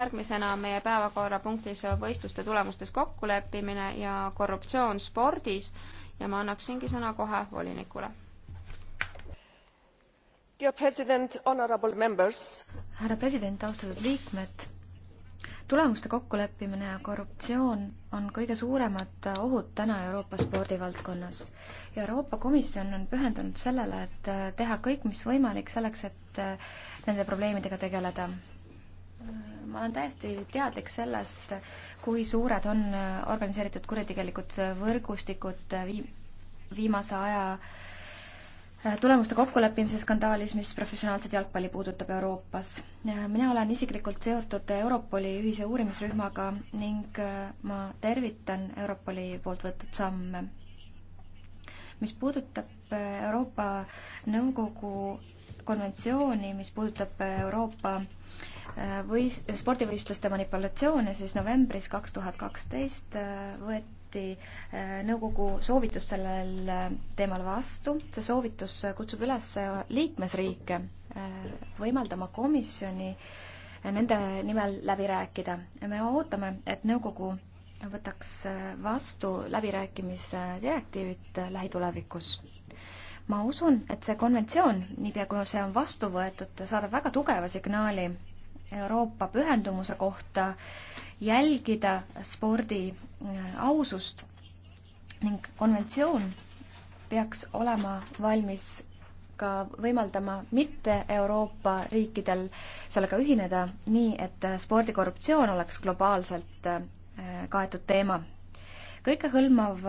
järgmisena on meie päevakorrapunktis võistluste tulemustes kokkuleppimine ja korruptsioon spordis ja ma annaksingi sõna kohe volinikule. härra president, austatud liikmed, tulemuste kokkuleppimine ja korruptsioon on kõige suuremad ohud täna Euroopa spordivaldkonnas. Euroopa Komisjon on pühendunud sellele, et teha kõik, mis võimalik selleks, et nende probleemidega tegeleda ma olen täiesti teadlik sellest, kui suured on organiseeritud kuritegelikud võrgustikud viim-, viimase aja äh, tulemuste kokkuleppimise skandaalis, mis professionaalset jalgpalli puudutab Euroopas. Äh, mina olen isiklikult seotud Europoli ühise uurimisrühmaga ning äh, ma tervitan Europoli poolt võetud samme. mis puudutab Euroopa Nõukogu konventsiooni, mis puudutab Euroopa äh, võis, spordivõistluste manipulatsioon ja siis novembris kaks tuhat kaksteist äh, võeti äh, nõukogu soovitus sellel äh, teemal vastu. see soovitus kutsub üles liikmesriike võimaldama komisjoni nende nimel läbi rääkida. me ootame, et nõukogu võtaks vastu läbirääkimise direktiivid lähitulevikus. ma usun, et see konventsioon, niipea kui see on vastu võetud, saadab väga tugeva signaali Euroopa pühendumuse kohta jälgida spordi äh, ausust ning konventsioon peaks olema valmis ka võimaldama mitte Euroopa riikidel sellega ühineda, nii et äh, spordikorruptsioon oleks globaalselt äh, kaetud teema. kõikehõlmav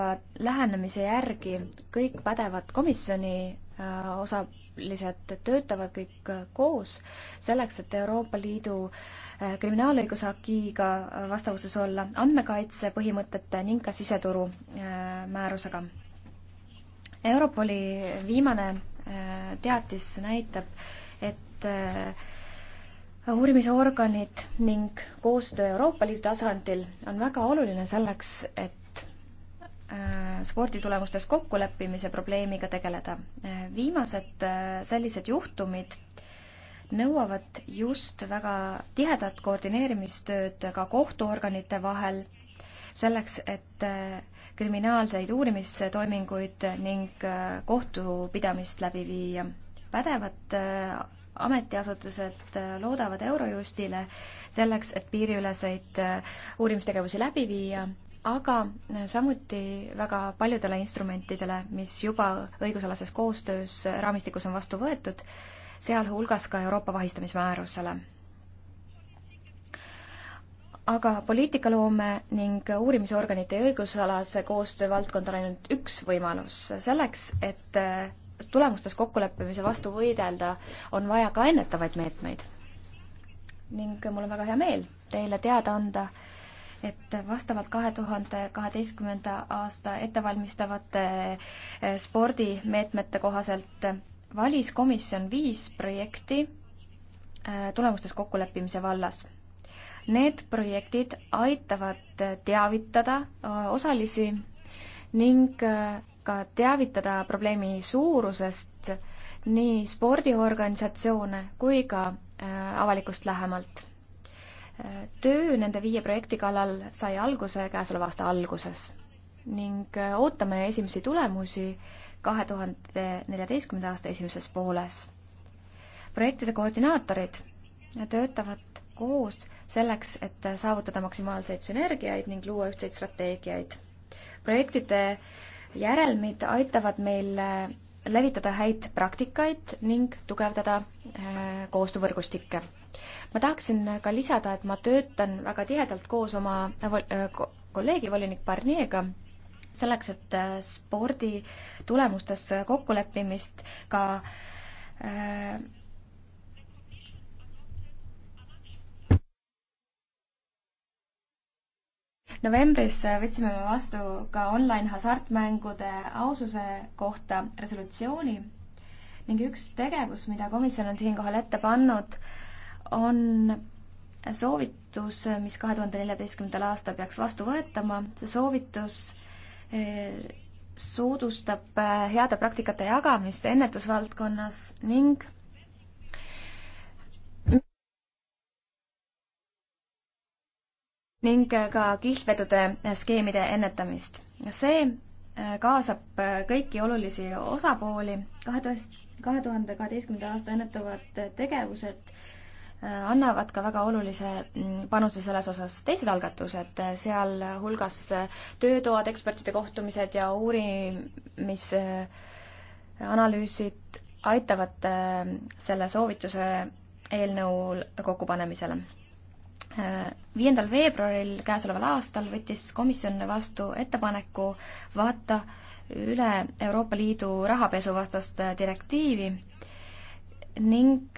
lähenemise järgi kõik pädevad komisjoni Äh, osalised töötavad kõik äh, koos selleks, et Euroopa Liidu äh, kriminaalõiguse akiiga vastavuses olla andmekaitse põhimõtete ning ka siseturu määrusega. Europoli viimane teatis näitab, et uurimisorganid ning koostöö Euroopa Liidu tasandil on väga oluline selleks, et Äh, sporditulemustes kokkuleppimise probleemiga tegeleda. Äh, viimased äh, sellised juhtumid nõuavad just väga tihedat koordineerimistööd ka kohtuorganite vahel, selleks et kriminaalseid uurimistoiminguid ning kohtupidamist läbi viia. pädevad ametiasutused loodavad Eurojustile selleks, et piiriüleseid uurimistegevusi läbi viia aga samuti väga paljudele instrumentidele, mis juba õigusalases koostöös raamistikus on vastu võetud, sealhulgas ka Euroopa vahistamismäärusele. aga poliitikaloome ning uurimisorganite ja õigusalase koostöö valdkond on ainult üks võimalus selleks, et tulemustes kokkuleppimise vastu võidelda, on vaja ka ennetavaid meetmeid. ning mul on väga hea meel teile teada anda, et vastavalt kahe tuhande kaheteistkümnenda aasta ettevalmistavate eh, spordimeetmete kohaselt valis komisjon viis projekti eh, tulemustes kokkuleppimise vallas Need projektid aitavad teavitada eh, osalisi ning ka teavitada probleemi suurusest nii spordiorganisatsioone kui ka avalikkust lähemalt töö nende viie projekti kallal sai alguse käesoleva aasta alguses ning äh, ootame esimesi tulemusi kahe tuhande neljateistkümnenda aasta esimeses pooles. projektide koordinaatorid töötavad koos selleks, et saavutada maksimaalseid sünergiaid ning luua ühtseid strateegiaid. projektide järelmid aitavad meil äh, levitada häid praktikaid ning tugevdada äh, koostöövõrgustikke ma tahaksin ka lisada, et ma töötan väga tihedalt koos oma äh, äh, kolleegi volinik Barnier'ga selleks, et äh, spordi tulemustes kokkuleppimist ka äh, novembris võtsime me vastu ka online hasartmängude aususe kohta resolutsiooni ning üks tegevus, mida komisjon on siinkohal ette pannud äh,, on soovitus, mis kahe tuhande neljateistkümnendal aastal peaks vastu võetama. see soovitus eh, soodustab eh, heade praktikate jagamist ennetusvaldkonnas ning ning eh, ka kihlvedude skeemide ennetamist. see kaasab kõiki olulisi osapooli, kahe tuhande kaheteistkümnenda aasta ennetavad tegevused Äh, annavad ka väga olulise mm, panuse selles osas teised algatused, äh, sealhulgas äh, töötoad, ekspertide kohtumised ja uurimisanalüüsid aitavad selle soovituse eelnõul kokkupanemisele. Viiendal veebruaril käesoleval aastal võttis komisjon vastu ettepaneku vaata üle Euroopa Liidu rahapesuvastast direktiivi ning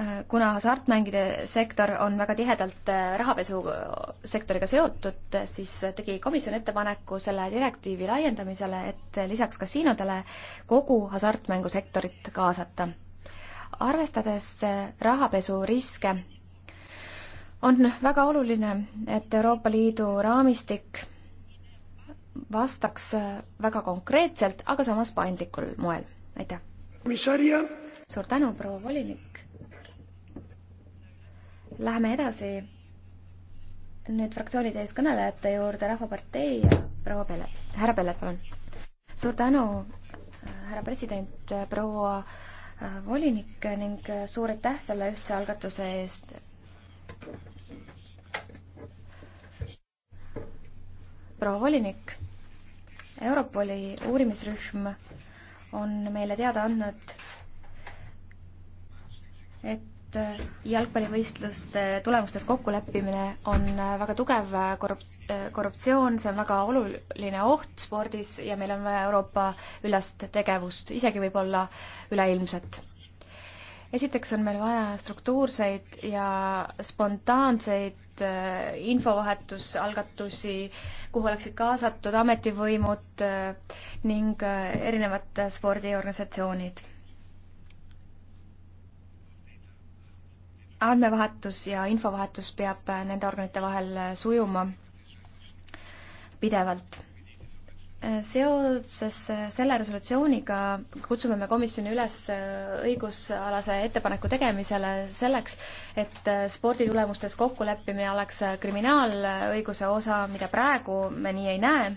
Äh, kuna hasartmängide sektor on väga tihedalt äh, rahapesusektoriga seotud, äh, siis tegi komisjon ettepaneku selle direktiivi laiendamisele, et lisaks kasiinodele kogu hasartmängusektorit kaasata. arvestades rahapesuriske, on väga oluline, et Euroopa Liidu raamistik vastaks väga konkreetselt, aga samas paindlikul moel. aitäh! suur tänu, proua volinik! Läheme edasi nüüd fraktsioonide eeskõnelejate juurde, Rahvapartei ja proua Pelle, härra Pelle, palun. suur tänu, härra president, proua äh, volinik ning äh, suur aitäh selle ühtse algatuse eest. proua volinik, Europoli uurimisrühm on meile teada andnud, et et äh, jalgpallivõistluste tulemustes kokkuleppimine on äh, väga tugev äh, korrup-, korruptsioon, see on väga oluline oht spordis ja meil on vaja Euroopa ülest tegevust, isegi võib-olla üleilmset. esiteks on meil vaja struktuurseid ja spontaanseid infovahetusalgatusi, kuhu oleksid kaasatud ametivõimud ning erinevad spordiorganisatsioonid andmevahetus ja infovahetus peab äh, nende organite vahel äh, sujuma pidevalt. Äh, seoses selle resolutsiooniga kutsume me komisjoni üles õigusalase ettepaneku tegemisele selleks, et sporditulemustes kokkuleppimine oleks kriminaalõiguse osa, mida praegu me nii ei näe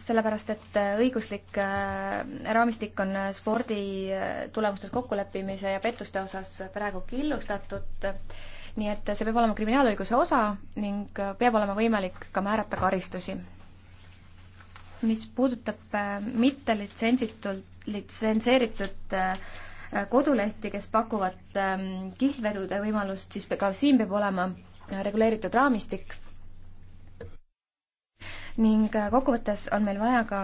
sellepärast, et äh, õiguslik äh, raamistik on äh, spordi tulemustes kokkuleppimise ja pettuste osas praegu killustatud, nii et see peab olema kriminaalõiguse osa ning peab olema võimalik ka määrata karistusi. mis puudutab mittelitsentsitult, litsenseeritud kodulehti, kes pakuvad ähm, kihlvedude võimalust, siis ka siin peab olema reguleeritud raamistik ning äh, kokkuvõttes on meil vaja ka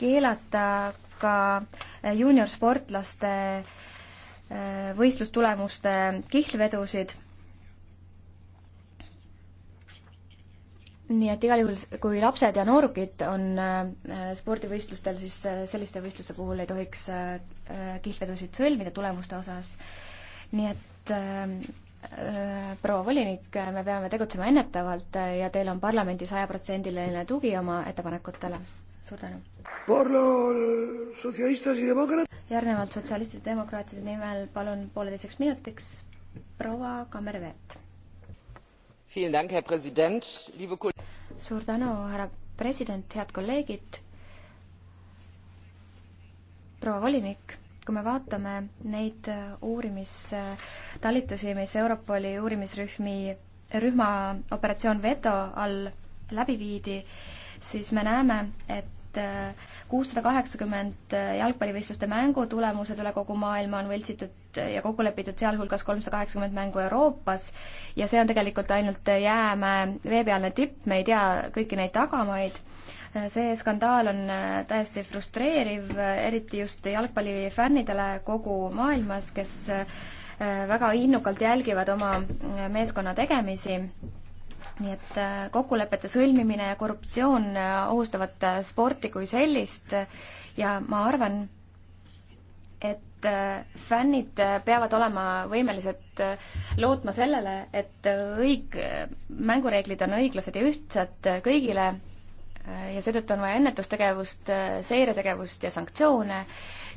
keelata ka äh, juuniorsportlaste äh, võistlustulemuste kihlvedusid nii et igal juhul, kui lapsed ja noorukid on spordivõistlustel, siis selliste võistluste puhul ei tohiks kihlvedusid sõlmida tulemuste osas. nii et Äh, proua volinik, me peame tegutsema ennetavalt ja teil on parlamendi sajaprotsendiline tugi oma ettepanekutele. suur tänu. järgnevalt sotsialistide demokraatide nimel palun pooleteiseks minutiks proua Kammerveert. suur tänu, härra president, head kolleegid, proua volinik kui me vaatame neid äh, uurimistalitusi, mis Europoli uurimisrühmi, rühma operatsioon Veto all läbi viidi, siis me näeme, et äh, kuussada kaheksakümmend äh, jalgpallivõistluste mängu tulemused üle kogu maailma on võltsitud ja kokku lepitud, sealhulgas kolmsada kaheksakümmend mängu Euroopas ja see on tegelikult ainult jäämäe veepealne tipp, me ei tea kõiki neid tagamaid see skandaal on äh, täiesti frustreeriv, eriti just jalgpallifännidele kogu maailmas, kes äh, väga innukalt jälgivad oma äh, meeskonna tegemisi. nii et kokkulepete sõlmimine ja korruptsioon ohustavad sporti kui sellist ja ma arvan, et fännid peavad olema võimelised lootma sellele, et õig-, mängureeglid on õiglased ja ühtsed kõigile ja seetõttu on vaja ennetustegevust, seiretegevust ja sanktsioone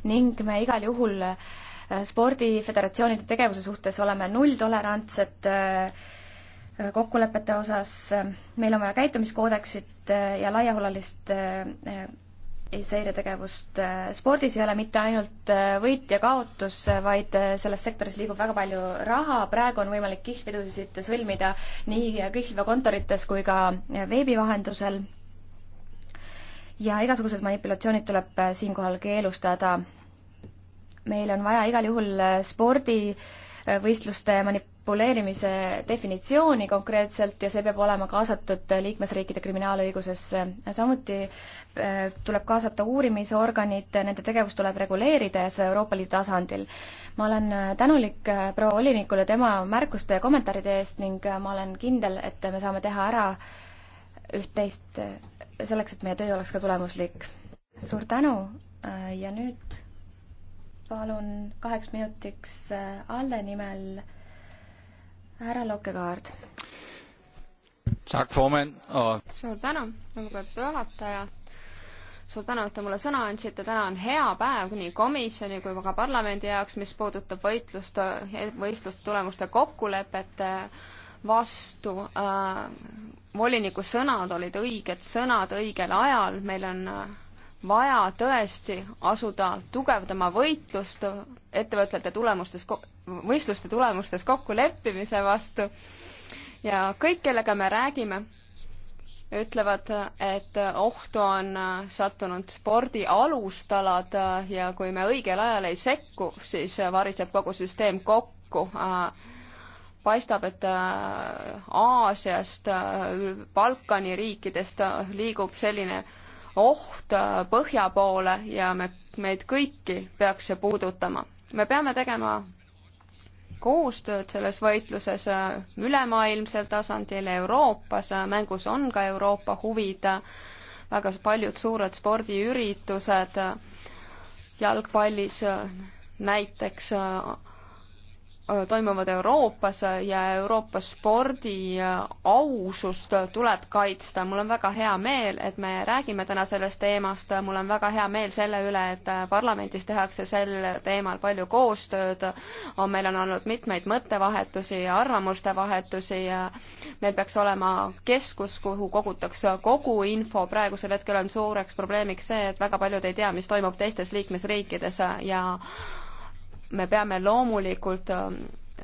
ning me igal juhul äh, spordiföderatsioonide tegevuse suhtes oleme nulltolerantsed äh, kokkulepete osas, meil on vaja käitumiskoodeksit äh, ja laiahulalist seiretegevust. spordis ei ole mitte ainult võit ja kaotus, vaid selles sektoris liigub väga palju raha, praegu on võimalik kihlvedusid sõlmida nii kihlveokontorites kui ka veebi vahendusel ja igasugused manipulatsioonid tuleb äh, siinkohal keelustada. meil on vaja igal juhul äh, spordivõistluste äh, manipuleerimise definitsiooni konkreetselt ja see peab olema kaasatud liikmesriikide kriminaalõigusesse. samuti tuleb kaasata uurimisorganid, nende tegevus tuleb reguleerida ja see Euroopa Liidu tasandil. ma olen tänulik proua volinikule tema märkuste ja kommentaaride eest ning ma olen kindel, et me saame teha ära üht-teist selleks, et meie töö oleks ka tulemuslik. suur tänu ja nüüd palun kaheks minutiks Alle nimel härra Lokkekaard. suur tänu, lugupeetud juhataja suur tänu, et te mulle sõna andsite, täna on hea päev nii komisjoni kui ka parlamendi jaoks, mis puudutab võitlust, võistluste tulemuste kokkulepet vastu äh,. voliniku sõnad olid õiged sõnad õigel ajal, meil on äh, vaja tõesti asuda tugevdama võitlust ettevõtete tulemustes, võistluste tulemustes kokkuleppimise vastu ja kõik, kellega me räägime, ütlevad, et ohtu on äh, sattunud spordi alustalad äh, ja kui me õigel ajal ei sekku, siis variseb kogu süsteem kokku äh, paistab, et äh, Aasiast, äh, Balkani riikidest äh, liigub selline oht põhja poole ja me, meid kõiki peaks see puudutama. me peame tegema koostööd selles võitluses ülemaailmsel tasandil, Euroopas, mängus on ka Euroopa huvid, väga paljud suured spordiüritused jalgpallis näiteks Äh, toimuvad Euroopas ja Euroopa spordi äh, ausust tuleb kaitsta. mul on väga hea meel, et me räägime täna sellest teemast, mul on väga hea meel selle üle, et äh, parlamendis tehakse sel teemal palju koostööd, on, meil on olnud mitmeid mõttevahetusi ja arvamuste vahetusi ja meil peaks olema keskus, kuhu kogutakse kogu info, praegusel hetkel on suureks probleemiks see, et väga paljud ei tea, mis toimub teistes liikmesriikides ja me peame loomulikult ähm,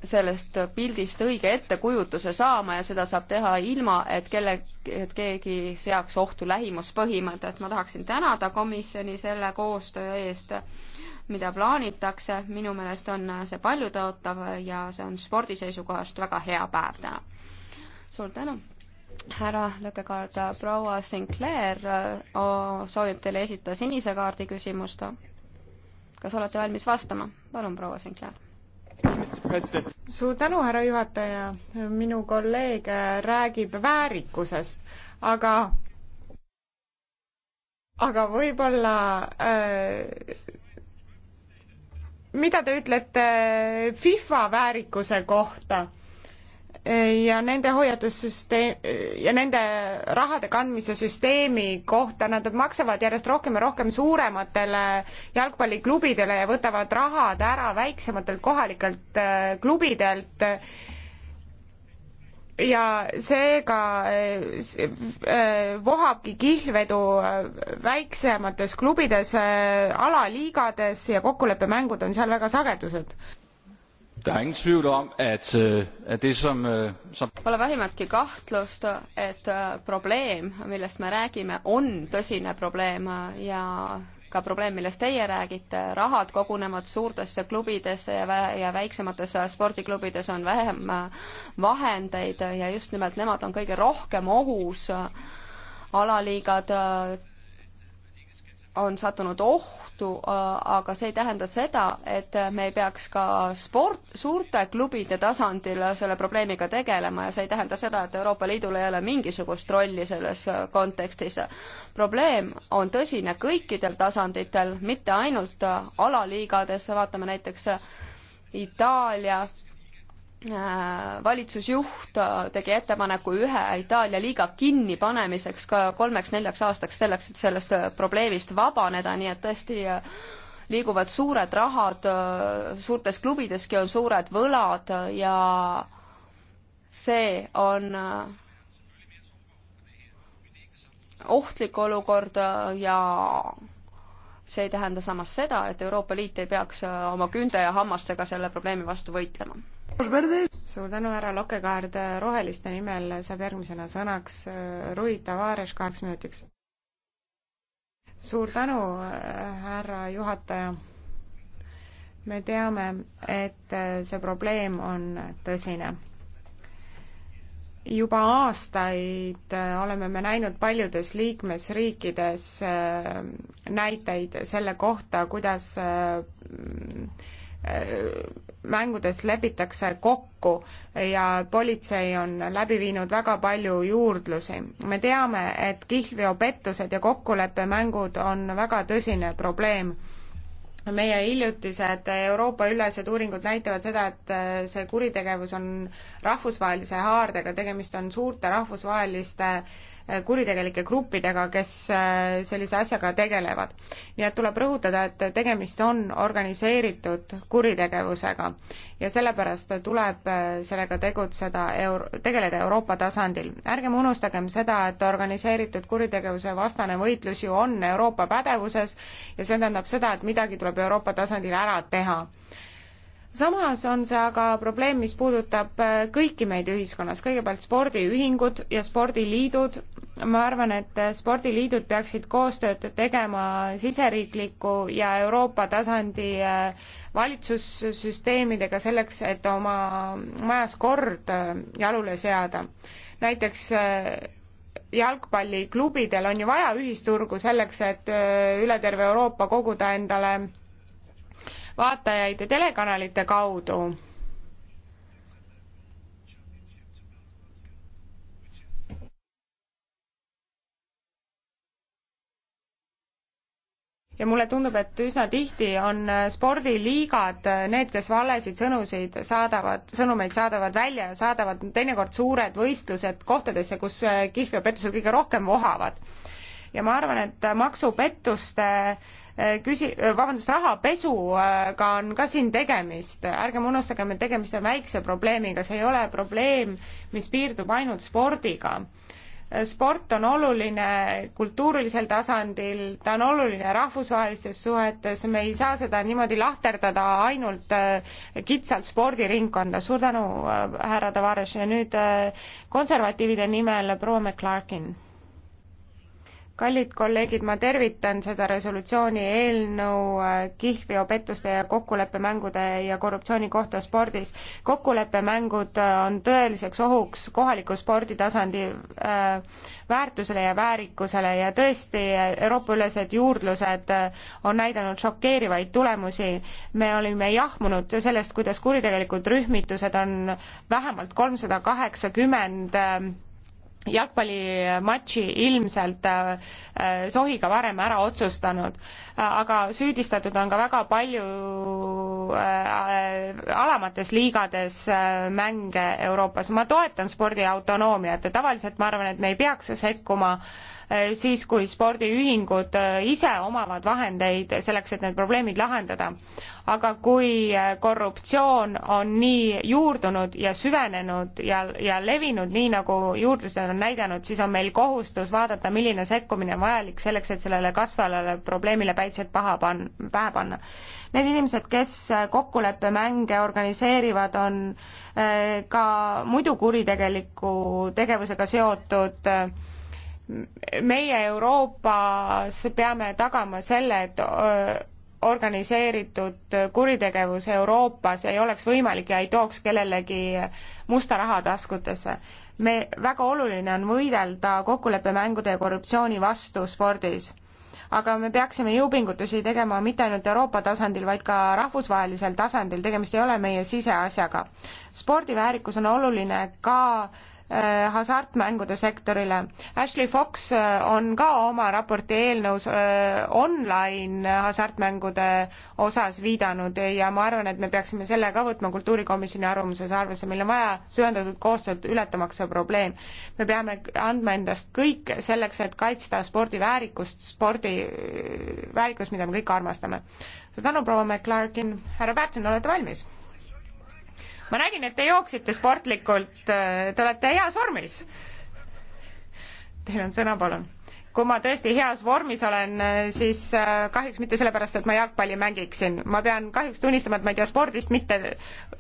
sellest pildist õige ettekujutuse saama ja seda saab teha ilma, et kelle, et keegi seaks ohtu lähimuspõhimõtet. ma tahaksin tänada komisjoni selle koostöö eest, mida plaanitakse. minu meelest on see paljutõotav ja see on spordi seisukohast väga hea päev täna. suur tänu! härra lõkkekaart, proua Sinclair äh, soovib teile esitada sinise kaardi küsimust kas olete valmis vastama? palun, proua Sinclair. suur tänu, härra juhataja. minu kolleeg räägib väärikusest, aga aga võib-olla äh, mida te ütlete FIFA väärikuse kohta? ja nende hoiatussüsteem ja nende rahade kandmise süsteemi kohta, nad maksavad järjest rohkem ja rohkem suurematele jalgpalliklubidele ja võtavad rahad ära väiksematelt kohalikelt äh, klubidelt. ja seega äh, äh, vohabki kihlvedu väiksemates klubides, alaliigades ja kokkuleppemängud on seal väga sagedused Der er ingen tvivl om, at, øh, at det som, øh, som... Pole vähimatki kahtlust, et äh, probleem, millest me räägime, on tõsine probleem ja ka probleem, millest teie räägite, rahad kogunevad suurtesse klubidesse ja, vä ja väiksemates spordiklubides on vähem äh, vahendeid ja just nimelt nemad on kõige rohkem ohus. alaliigad äh, on sattunud ohtu ohtu, aga see ei tähenda seda, et me ei peaks ka sport, suurte klubide tasandil selle probleemiga tegelema ja see ei tähenda seda, et Euroopa Liidul ei ole mingisugust rolli selles kontekstis. probleem on tõsine kõikidel tasanditel, mitte ainult alaliigades, vaatame näiteks Itaalia Äh, valitsusjuht äh, tegi ettepaneku ühe Itaalia liiga kinnipanemiseks ka kolmeks-neljaks aastaks, selleks, et sellest äh, probleemist vabaneda, nii et tõesti liiguvad suured rahad, suurtes klubideski on suured võlad ja see on ohtlik olukord ja see ei tähenda samas seda, et Euroopa Liit ei peaks oma künde ja hammastega selle probleemi vastu võitlema suur tänu, härra Lokekaard, Roheliste nimel saab järgmisena sõnaks äh, Rui Tavares kaheks minutiks. suur tänu, äh, härra juhataja. me teame, et äh, see probleem on tõsine juba aastaid oleme me näinud paljudes liikmesriikides näiteid selle kohta, kuidas Äh, mängudes lepitakse kokku ja politsei on läbi viinud väga palju juurdlusi. me teame, et kihlveopettused ja kokkuleppemängud on väga tõsine probleem meie hiljutised Euroopa-ülesed uuringud näitavad seda, et äh, see kuritegevus on rahvusvahelise haardega, tegemist on suurte rahvusvaheliste kuritegelike gruppidega, kes äh, sellise asjaga tegelevad. nii et tuleb rõhutada, et tegemist on organiseeritud kuritegevusega ja sellepärast tuleb äh, sellega tegutseda euro-, tegeleda Euroopa tasandil. ärgem unustagem seda, et organiseeritud kuritegevuse vastane võitlus ju on Euroopa pädevuses ja see tähendab seda, et midagi tuleb Euroopa tasandil ära teha samas on see aga probleem, mis puudutab äh, kõiki meid ühiskonnas, kõigepealt spordiühingud ja spordiliidud ma arvan, et spordiliidud peaksid koostööd tegema siseriikliku ja Euroopa tasandi äh, valitsussüsteemidega selleks, et oma majas kord äh, jalule seada. näiteks äh, jalgpalliklubidel on ju vaja ühisturgu selleks, et üle terve Euroopa koguda endale vaatajaid telekanalite kaudu ja mulle tundub, et üsna tihti on äh, spordiliigad äh, need, kes valesid sõnusid saadavad, sõnumeid saadavad välja ja saadavad teinekord suured võistlused kohtadesse, kus äh, kihlveopettused kõige rohkem vohavad. ja ma arvan, et maksupettuste küsi-, vabandust, rahapesuga on ka siin tegemist, ärgem unustagem, et tegemist on väikse probleemiga, see ei ole probleem, mis piirdub ainult spordiga sport on oluline kultuurilisel tasandil, ta on oluline rahvusvahelistes suhetes, me ei saa seda niimoodi lahterdada ainult äh, kitsalt spordiringkonda. suur tänu, äh, härra Tavares ja nüüd äh, konservatiivide nimel proua McClarkin kallid kolleegid, ma tervitan seda resolutsiooni eelnõu äh, kihlveopettuste ja kokkuleppemängude ja korruptsiooni kohta spordis. kokkuleppemängud äh, on tõeliseks ohuks kohaliku sporditasandi äh, väärtusele ja väärikusele ja tõesti, Euroopa-ülesed juurdlused on näidanud šokeerivaid tulemusi. me olime jahmunud sellest, kuidas kuritegelikud rühmitused on vähemalt kolmsada kaheksakümmend jalgpallimatši ilmselt äh, äh, sohiga varem ära otsustanud, äh, aga süüdistatud on ka väga palju alamates liigades mänge Euroopas. ma toetan spordi autonoomiat ja tavaliselt ma arvan, et me ei peaks sekkuma äh, Eh, siis, kui spordiühingud eh, ise omavad vahendeid selleks, et need probleemid lahendada. aga kui eh, korruptsioon on nii juurdunud ja süvenenud ja, ja levinud, nii nagu juurdlused on näidanud, siis on meil kohustus vaadata, milline sekkumine on vajalik selleks, et sellele kasvavale probleemile päitsed paha pan-, pähe panna. Need inimesed, kes kokkuleppemänge organiseerivad, on ka muidu kuritegeliku tegevusega seotud äh, meie Euroopas peame tagama selle, et organiseeritud kuritegevus Euroopas ei oleks võimalik ja ei tooks kellelegi musta raha taskutesse. me, väga oluline on võidelda kokkuleppemängude ja korruptsiooni vastu spordis. aga me peaksime jõupingutusi tegema mitte ainult Euroopa tasandil, vaid ka rahvusvahelisel tasandil, tegemist ei ole meie siseasjaga. spordiväärikus on oluline ka äh, Äh, hasartmängude sektorile. Ashley Fox äh, on ka oma raporti eelnõus äh, online hasartmängude osas viidanud ja ma arvan, et me peaksime selle ka võtma kultuurikomisjoni arvamuses arvesse, meil on vaja süvendatud koostööd ületamaks see probleem. me peame andma endast kõik selleks, et kaitsta spordi väärikust, spordi väärikust, mida me kõik armastame. suur tänu, proua McClarkin, härra Pärtson, olete valmis? ma nägin, et te jooksite sportlikult, te olete heas vormis. Teil on sõna, palun kui ma tõesti heas vormis olen, siis äh, kahjuks mitte sellepärast, et ma jalgpalli mängiksin. ma pean kahjuks tunnistama, et ma ei tea spordist mitte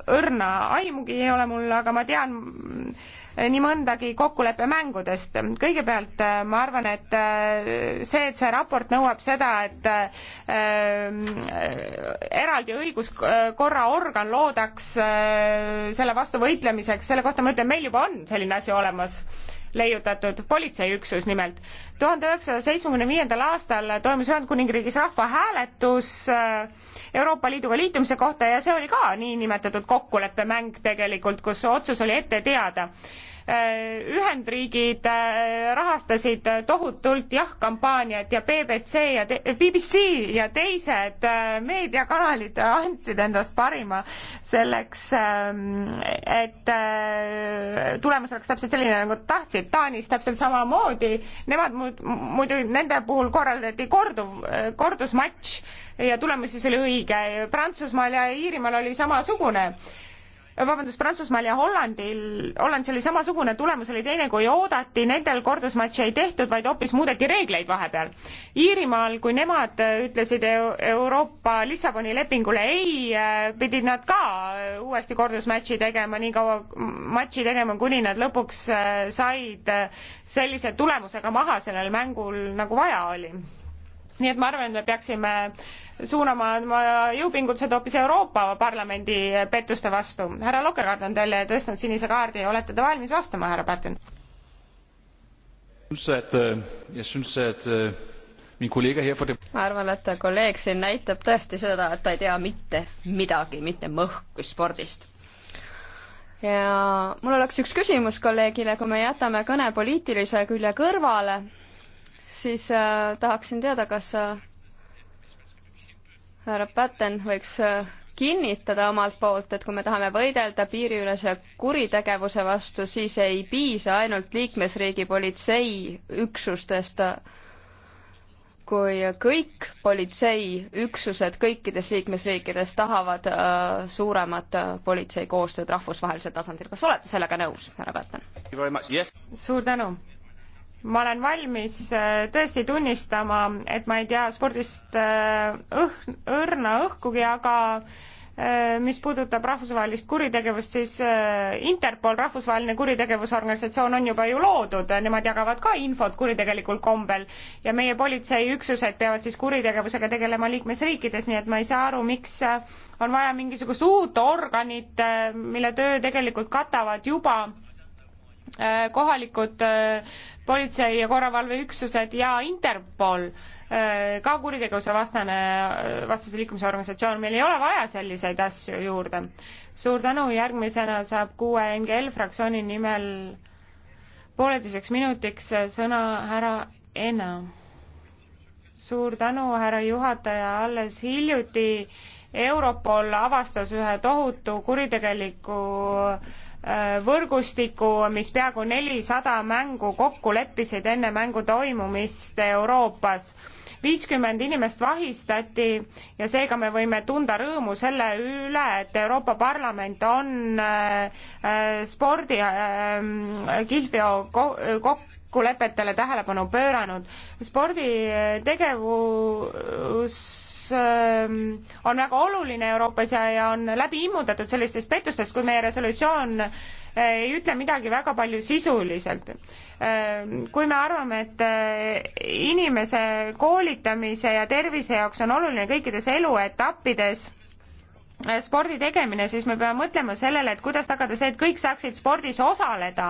õrna aimugi ei ole mul, aga ma tean mm, nii mõndagi kokkuleppemängudest. kõigepealt äh, ma arvan, et äh, see, et see raport nõuab seda, et äh, eraldi õiguskorra organ loodaks äh, selle vastu võitlemiseks, selle kohta ma ütlen, meil juba on selline asi olemas leiutatud, politseiüksus nimelt. tuhande üheksasaja seitsmekümne viiendal aastal toimus Ühendkuningriigis rahvahääletus äh, Euroopa Liiduga liitumise kohta ja see oli ka niinimetatud kokkuleppemäng tegelikult, kus otsus oli ette teada Äh, Ühendriigid äh, rahastasid tohutult jah-kampaaniat ja BBC ja BBC ja teised äh, meediakanalid andsid endast parima selleks, ähm, et tulemus oleks täpselt selline, nagu tahtsid. Taanis täpselt samamoodi, nemad muud, muidu nende puhul korraldati korduv, kordusmatš ja tulemus siis oli õige. Prantsusmaal ja Iirimaal oli samasugune Äh, vabandust, Prantsusmaal ja Hollandil, Hollandis oli samasugune tulemus, oli teine kui oodati, nendel kordusmatši ei tehtud, vaid hoopis muudeti reegleid vahepeal. Iirimaal, kui nemad ütlesid Euroopa Lissaboni lepingule ei, äh, pidid nad ka äh, uuesti kordusmatši tegema, nii kaua matši tegema, kuni nad lõpuks said sellise tulemusega maha sellel mängul, nagu vaja oli nii et ma arvan, et me peaksime suunama oma jõupingutused hoopis Euroopa Parlamendi pettuste vastu. härra Lokekaart on teile tõstnud sinise kaardi, olete te valmis vastama, härra Patten? Äh, äh, ma arvan, et kolleeg siin näitab tõesti seda, et ta ei tea mitte midagi, mitte mõhku spordist ja mul oleks üks küsimus kolleegile, kui me jätame kõne poliitilise külje kõrvale, siis äh, tahaksin teada, kas äh, härra Patten võiks äh, kinnitada omalt poolt, et kui me tahame võidelda piiriülese kuritegevuse vastu, siis ei piisa ainult liikmesriigi politseiüksustest, kui kõik politseiüksused kõikides liikmesriikides tahavad äh, suuremat äh, politsei koostööd rahvusvahelisel tasandil. kas olete sellega nõus, härra Patten? suur tänu! ma olen valmis äh, tõesti tunnistama, et ma ei tea spordist äh, õh-, õrna õhkugi, aga äh, mis puudutab rahvusvahelist kuritegevust, siis Interpol, rahvusvaheline kuritegevusorganisatsioon, on juba ju loodud, nemad jagavad ka infot kuritegelikul kombel ja meie politseiüksused peavad siis kuritegevusega tegelema liikmesriikides, nii et ma ei saa aru, miks on vaja mingisugust uut organit, mille töö tegelikult katavad juba kohalikud politsei- ja korravalveüksused ja Interpol, äh, ka kuritegevuse vastane, vastase liikumise organisatsioon, meil ei ole vaja selliseid asju juurde. suur tänu, järgmisena saab kuue NGL fraktsiooni nimel pooleteiseks minutiks sõna härra Enna. suur tänu, härra juhataja, alles hiljuti Europol avastas ühe tohutu kuritegeliku äh, võrgustiku, mis peaaegu nelisada mängu kokku leppisid enne mängu toimumist Euroopas viiskümmend inimest vahistati ja seega me võime tunda rõõmu selle üle, et Euroopa Parlament on äh, äh, spordi äh, kihlveo kokkulepetele tähelepanu pööranud. sporditegevus ähm, on väga oluline Euroopas ja, ja on läbi immutatud sellistest pettustest, kui meie resolutsioon ei ütle midagi väga palju sisuliselt Ehm, kui me arvame, et eh, inimese koolitamise ja tervise jaoks on oluline kõikides eluetappides eh, spordi tegemine, siis me peame mõtlema sellele, et kuidas tagada see, et kõik saaksid spordis osaleda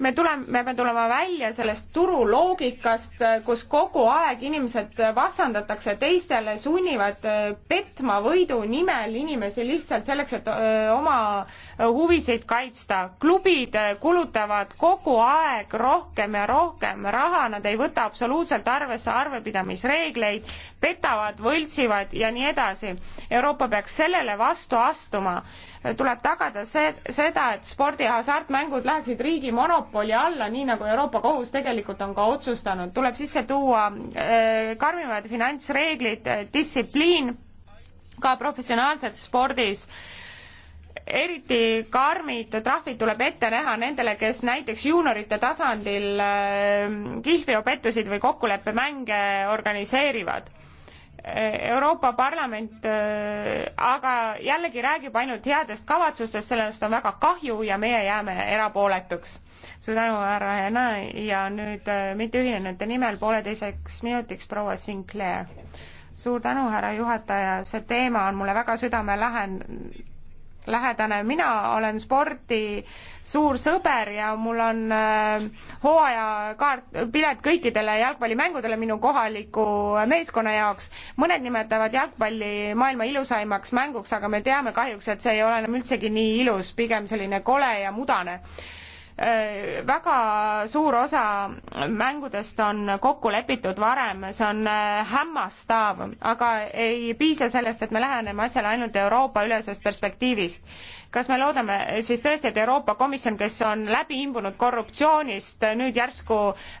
me tuleme, me peame tulema välja sellest turuloogikast, kus kogu aeg inimesed vastandatakse teistele, sunnivad petma võidu nimel inimesi lihtsalt selleks, et oma huvisid kaitsta. klubid kulutavad kogu aeg rohkem ja rohkem raha, nad ei võta absoluutselt arvesse arvepidamisreegleid, petavad, võltsivad ja nii edasi. Euroopa peaks sellele vastu astuma. tuleb tagada see, seda, et spordi hasartmängud läheksid riigi monopoliks Europoli alla, nii nagu Euroopa Kohus tegelikult on ka otsustanud, tuleb sisse tuua äh, karmimad finantsreeglid, äh, distsipliin ka professionaalses spordis eriti karmid trahvid tuleb ette näha nendele, kes näiteks juuniorite tasandil äh, kihlveopettusid või kokkuleppemänge organiseerivad Euroopa Parlament äh, aga jällegi räägib ainult headest kavatsustest, sellest on väga kahju ja meie jääme erapooletuks. suur tänu, härra Hena ja nüüd äh, mitteühinenute nimel pooleteiseks minutiks proua Sinclair. suur tänu, härra juhataja, see teema on mulle väga südamelähedane lähedane, mina olen spordi suur sõber ja mul on äh, hooajakaart, pilet kõikidele jalgpallimängudele minu kohaliku meeskonna jaoks. mõned nimetavad jalgpalli maailma ilusaimaks mänguks, aga me teame kahjuks, et see ei ole enam üldsegi nii ilus, pigem selline kole ja mudane Äh, väga suur osa mängudest on kokku lepitud varem, see on äh, hämmastav, aga ei piisa sellest, et me läheneme asjale ainult Euroopa ülesest perspektiivist. kas me loodame siis tõesti, et Euroopa Komisjon, kes on läbi imbunud korruptsioonist, nüüd järsku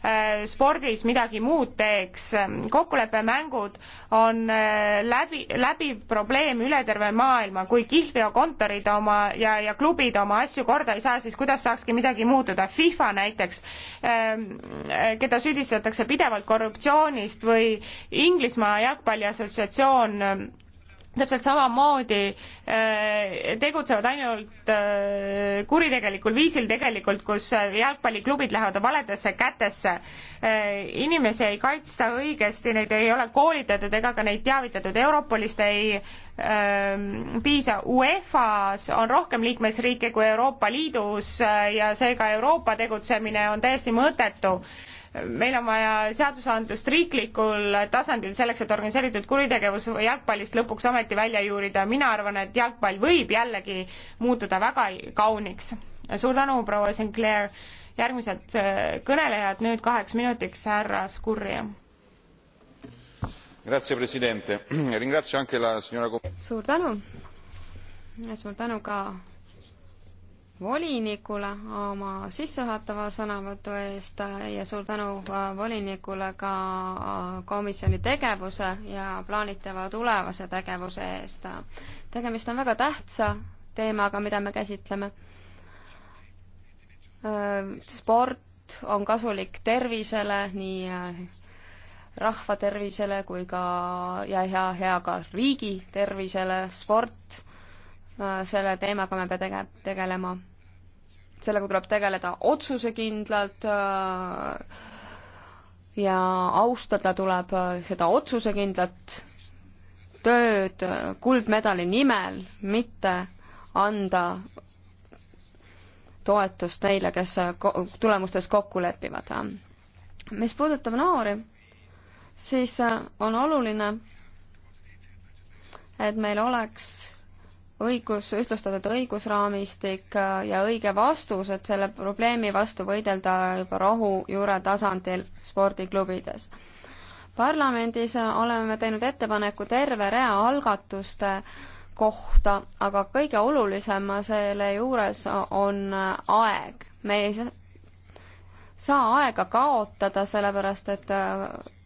äh, spordis midagi muud teeks? kokkuleppemängud on läbi, läbiv probleem üle terve maailma, kui kihlveokontorid oma ja, ja klubid oma asju korda ei saa, siis kuidas saakski midagi muutuda. FIFA näiteks, ähm, keda süüdistatakse pidevalt korruptsioonist või Inglismaa jalgpalliassotsiatsioon ähm, täpselt samamoodi äh, tegutsevad ainult äh, kuritegelikul viisil tegelikult, kus äh, jalgpalliklubid lähevad valedesse kätesse. inimesi ei kaitsta õigesti, neid ei ole koolitatud ega ka neid teavitatud Europolist ei ähm, piisa. UEFA-s on rohkem liikmesriike kui Euroopa Liidus ja seega Euroopa tegutsemine on täiesti mõttetu meil on vaja seadusandlust riiklikul tasandil selleks, et organiseeritud kuritegevus jalgpallist lõpuks ometi välja juurida. mina arvan, et jalgpall võib jällegi muutuda väga kauniks. suur tänu, proua Sinclair. järgmised äh, kõnelejad nüüd kaheks minutiks, härra Skurja. suur tänu ja suur tänu ka volinikule oma sissejuhatava sõnavõtu eest ja suur tänu äh, volinikule ka äh, komisjoni tegevuse ja plaanitava tulevase tegevuse eest. tegemist on väga tähtsa teemaga, mida me käsitleme. Äh, sport on kasulik tervisele, nii rahva tervisele kui ka ja hea, hea ka riigi tervisele, sport Äh, selle teemaga me peame tegelema, sellega tuleb tegeleda otsusekindlalt äh, ja austada tuleb äh, seda otsusekindlat tööd kuldmedali nimel, mitte anda toetust neile, kes tulemustes kokku lepivad. mis puudutab noori, siis on oluline, et meil oleks õigus, ühtlustatud õigusraamistik äh, ja õige vastus, et selle probleemi vastu võidelda juba rohujuure tasandil spordiklubides. parlamendis äh, oleme teinud ettepaneku terve rea algatuste kohta, aga kõige olulisem äh, selle juures on aeg. me ei saa aega kaotada, sellepärast et äh,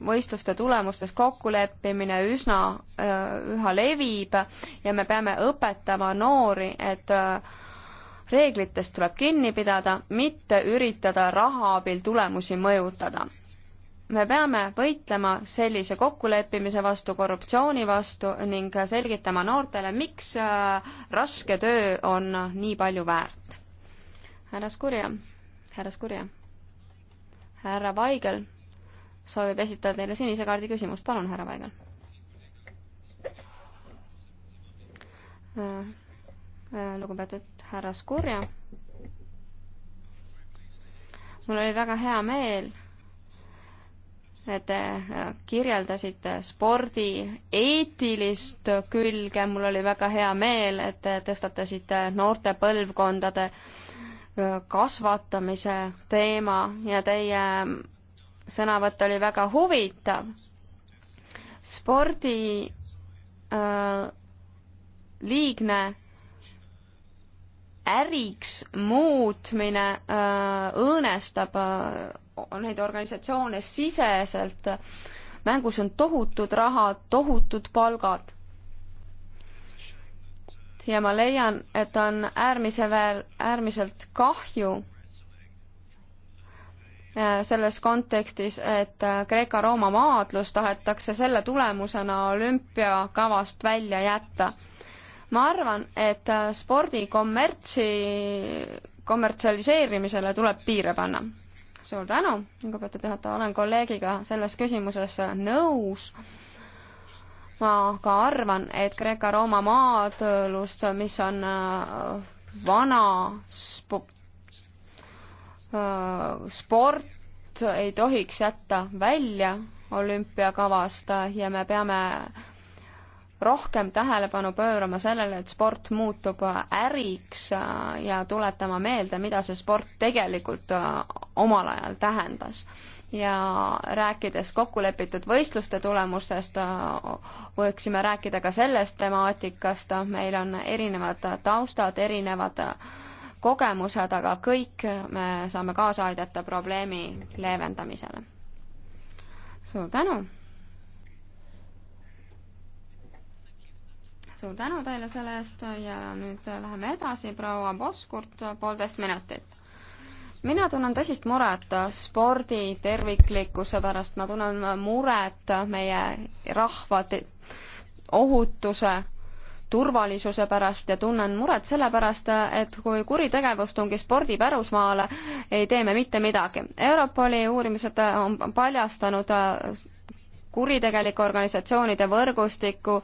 võistluste tulemustes kokkuleppimine üsna, äh, üha levib ja me peame õpetama noori, et äh, reeglitest tuleb kinni pidada, mitte üritada raha abil tulemusi mõjutada. me peame võitlema sellise kokkuleppimise vastu, korruptsiooni vastu ning selgitama noortele, miks raske töö on nii palju väärt. härra Skurja, härra Skurja härra Vaigel soovib esitada teile sinise kaardi küsimust, palun, härra Vaigel. Äh, äh, lugupeetud härra Skurja. mul oli väga hea meel, et te äh, kirjeldasite spordi eetilist külge, mul oli väga hea meel, et te tõstatasite noorte põlvkondade äh, kasvatamise teema ja teie sõnavõtt oli väga huvitav. spordi äh, liigne äriks muutmine äh, õõnestab äh, neid organisatsioone siseselt. mängus on tohutud rahad, tohutud palgad ja ma leian, et on äärmise väel, äärmiselt kahju äh, selles kontekstis, et äh, Kreeka-Rooma maadlus tahetakse selle tulemusena olümpiakavast välja jätta. ma arvan, et äh, spordi kommertsi, kommertsialiseerimisele tuleb piire panna. suur tänu, lugupeetud juhataja, olen kolleegiga selles küsimuses nõus ma ka arvan, et Kreeka-Rooma maatöölust, mis on äh, vana sp-, äh, sport, ei tohiks jätta välja olümpiakavast ja me peame rohkem tähelepanu pöörama sellele, et sport muutub äh, äriks ja tuletama meelde, mida see sport tegelikult omal ajal tähendas ja rääkides kokkulepitud võistluste tulemustest, võiksime rääkida ka sellest temaatikast, meil on erinevad taustad, erinevad kogemused, aga kõik me saame kaasa aidata probleemi leevendamisele. suur tänu! suur tänu teile selle eest ja nüüd läheme edasi, proua Poskurt, poolteist minutit mina tunnen tõsist muret spordi terviklikkuse pärast, ma tunnen muret meie rahva ohutuse, turvalisuse pärast ja tunnen muret selle pärast, et kui kuritegevus tungis spordi pärusmaale, ei tee me mitte midagi. Europoli uurimised on paljastanud äh, kuritegelike organisatsioonide võrgustiku,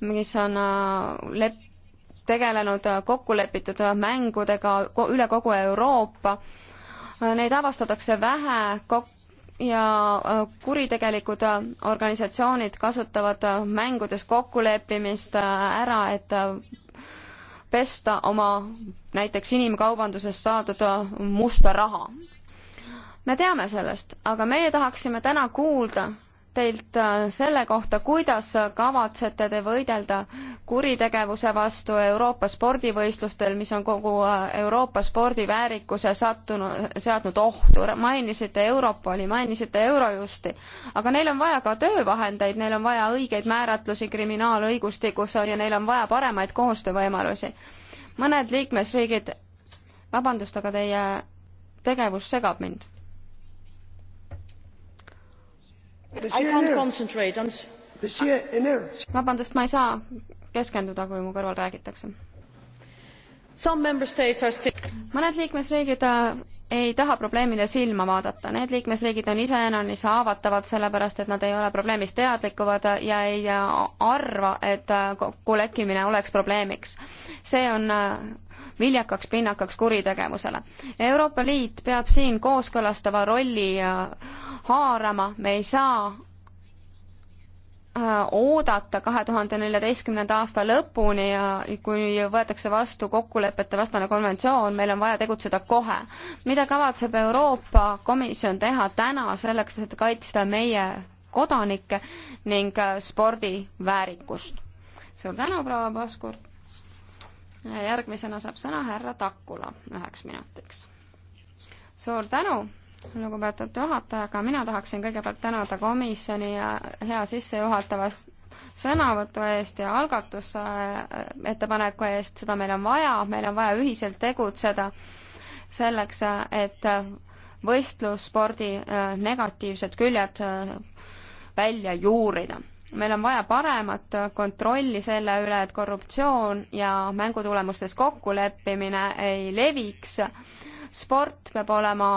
mis on äh, lep-, tegelenud äh, kokkulepitud mängudega üle kogu Euroopa neid avastatakse vähe ja äh, kuritegelikud äh, organisatsioonid kasutavad äh, mängudes kokkuleppimist ära, et pesta oma näiteks inimkaubandusest saadud musta raha. me teame sellest, aga meie tahaksime täna kuulda, teilt äh, selle kohta, kuidas kavatsete te võidelda kuritegevuse vastu Euroopa spordivõistlustel, mis on kogu äh, Euroopa spordiväärikuse sattunud, seadnud ohtu. mainisite Europoli, mainisite Eurojusti, aga neil on vaja ka töövahendeid, neil on vaja õigeid määratlusi kriminaalõigustikus ja neil on vaja paremaid koostöövõimalusi. mõned liikmesriigid, vabandust, aga teie tegevus segab mind vabandust, ma ei saa keskenduda, kui mu kõrval räägitakse. mõned liikmesriigid äh, ei taha probleemile silma vaadata, need liikmesriigid on iseenesest haavatavad, sellepärast et nad ei ole probleemist teadlikuvad ja ei äh, arva, et äh, kolekimine oleks probleemiks. see on viljakaks pinnakaks kuritegevusele. Euroopa Liit peab siin kooskõlastava rolli äh, haarama, me ei saa äh, oodata kahe tuhande neljateistkümnenda aasta lõpuni ja äh, kui võetakse vastu kokkulepete vastane konventsioon, meil on vaja tegutseda kohe. mida kavatseb Euroopa Komisjon teha täna selleks, et kaitsta meie kodanikke ning spordi väärikust? suur tänu, proua Paskur! järgmisena saab sõna härra Takula üheks minutiks. suur tänu, lugupeetud juhataja, aga mina tahaksin kõigepealt tänada komisjoni ja hea sissejuhatava sõnavõtu eest ja algatuse äh, ettepaneku eest, seda meil on vaja, meil on vaja ühiselt tegutseda selleks, et võistlusspordi äh, negatiivsed küljed äh, välja juurida meil on vaja paremat kontrolli selle üle, et korruptsioon ja mängutulemustes kokkuleppimine ei leviks. sport peab olema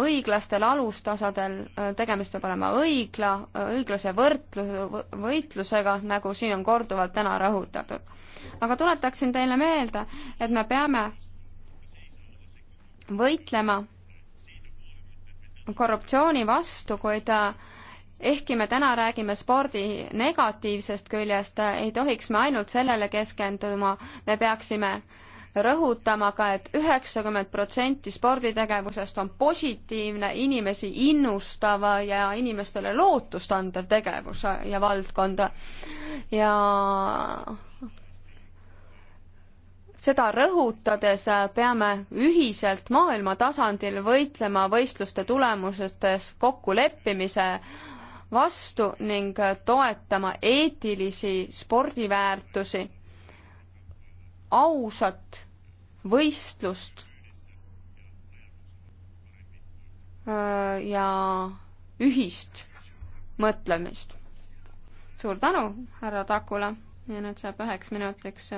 õiglastel alustasadel, tegemist peab olema õigla, õiglase võrdlus, võitlusega, nagu siin on korduvalt täna rõhutatud. aga tuletaksin teile meelde, et me peame võitlema korruptsiooni vastu, kuid ehkki me täna räägime spordi negatiivsest küljest, ei tohiks me ainult sellele keskenduma, me peaksime rõhutama ka et, et üheksakümmend protsenti sporditegevusest on positiivne, inimesi innustav ja inimestele lootust andev tegevus ja valdkond. ja seda rõhutades peame ühiselt maailma tasandil võitlema võistluste tulemustes kokkuleppimise vastu ning toetama eetilisi spordiväärtusi, ausat võistlust äh, ja ühist mõtlemist. suur tänu, härra Takula ja nüüd saab üheks minutiks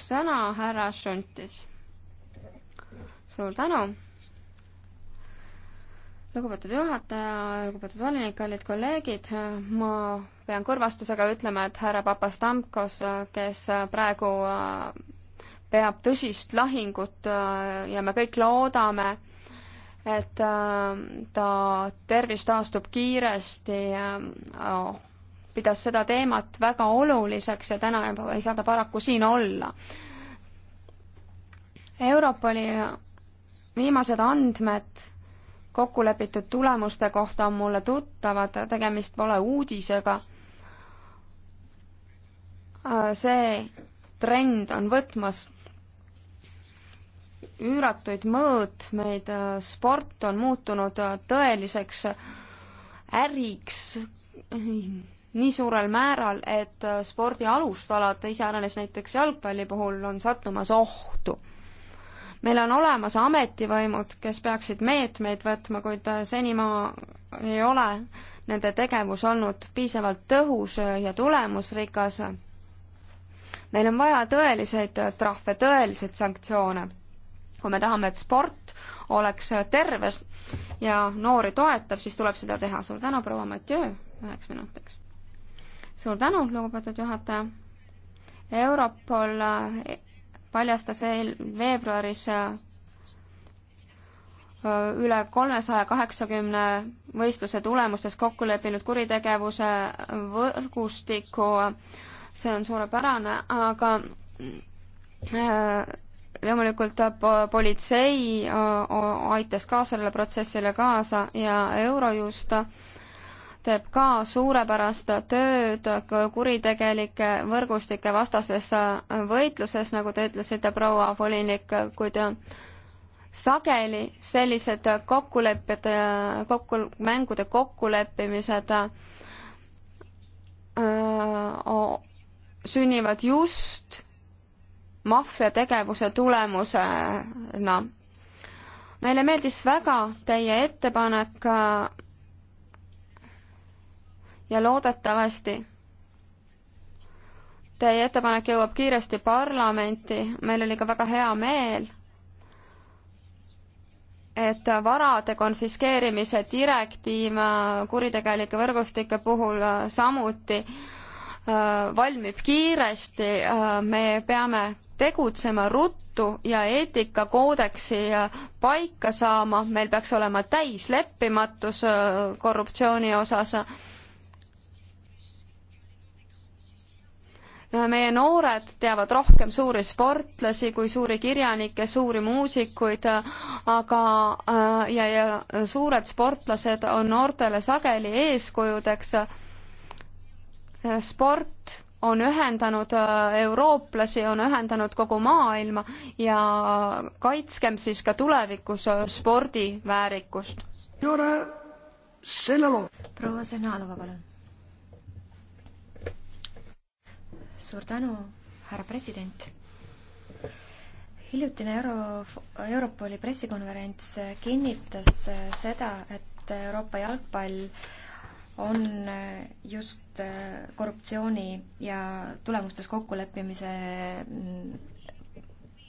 sõna härra Šuntis. suur tänu lugupeetud juhataja, lugupeetud volinik, kallid kolleegid, ma pean kurvastusega ütlema, et härra Papastamkos, kes praegu äh, peab tõsist lahingut äh, ja me kõik loodame, et äh, ta tervis taastub kiiresti ja oh, pidas seda teemat väga oluliseks ja täna ei saa ta paraku siin olla. Europoli viimased andmed kokkulepitud tulemuste kohta on mulle tuttavad, tegemist pole uudisega. see trend on võtmas üüratuid mõõtmeid, sport on muutunud tõeliseks äriks nii suurel määral, et spordi alustalad, iseäranis näiteks jalgpalli puhul, on sattumas ohtu meil on olemas ametivõimud, kes peaksid meetmeid võtma, kuid äh, senimaa ei ole nende tegevus olnud piisavalt tõhus äh, ja tulemusrikas. meil on vaja tõeliseid äh, trahve, tõeliseid sanktsioone. kui me tahame, et sport oleks terves ja noori toetav, siis tuleb seda teha. suur tänu, proua Matjöö, üheks minutiks. suur tänu, lugupeetud juhataja. Europol paljastas eel-, veebruaris üle kolmesaja kaheksakümne võistluse tulemustes kokku leppinud kuritegevuse võrgustiku, see on suurepärane, aga loomulikult politsei aitas ka sellele protsessile kaasa ja Eurojust teeb ka suurepärast tööd kuritegelike võrgustike vastases võitluses, nagu te ütlesite, proua volinik, kuid sageli sellised kokkulepped, kokku, mängude kokkuleppimised sünnivad just maffia tegevuse tulemusena. meile meeldis väga teie ettepanek ja loodetavasti teie ettepanek jõuab kiiresti parlamenti, meil oli ka väga hea meel, et varade konfiskeerimise direktiiv kuritegelike võrgustike puhul samuti äh, valmib kiiresti, äh, me peame tegutsema ruttu ja eetikakoodeksi äh, paika saama, meil peaks olema täisleppimatus korruptsiooni osas meie noored teavad rohkem suuri sportlasi kui suuri kirjanikke, suuri muusikuid, aga äh, ja, ja suured sportlased on noortele sageli eeskujudeks. sport on ühendanud äh, eurooplasi, on ühendanud kogu maailma ja kaitskem siis ka tulevikus äh, spordi väärikust. proua Senalova, palun suur tänu, härra president. hiljutine Euro, Europoli pressikonverents kinnitas seda, et Euroopa jalgpall on just korruptsiooni ja tulemustes kokkuleppimise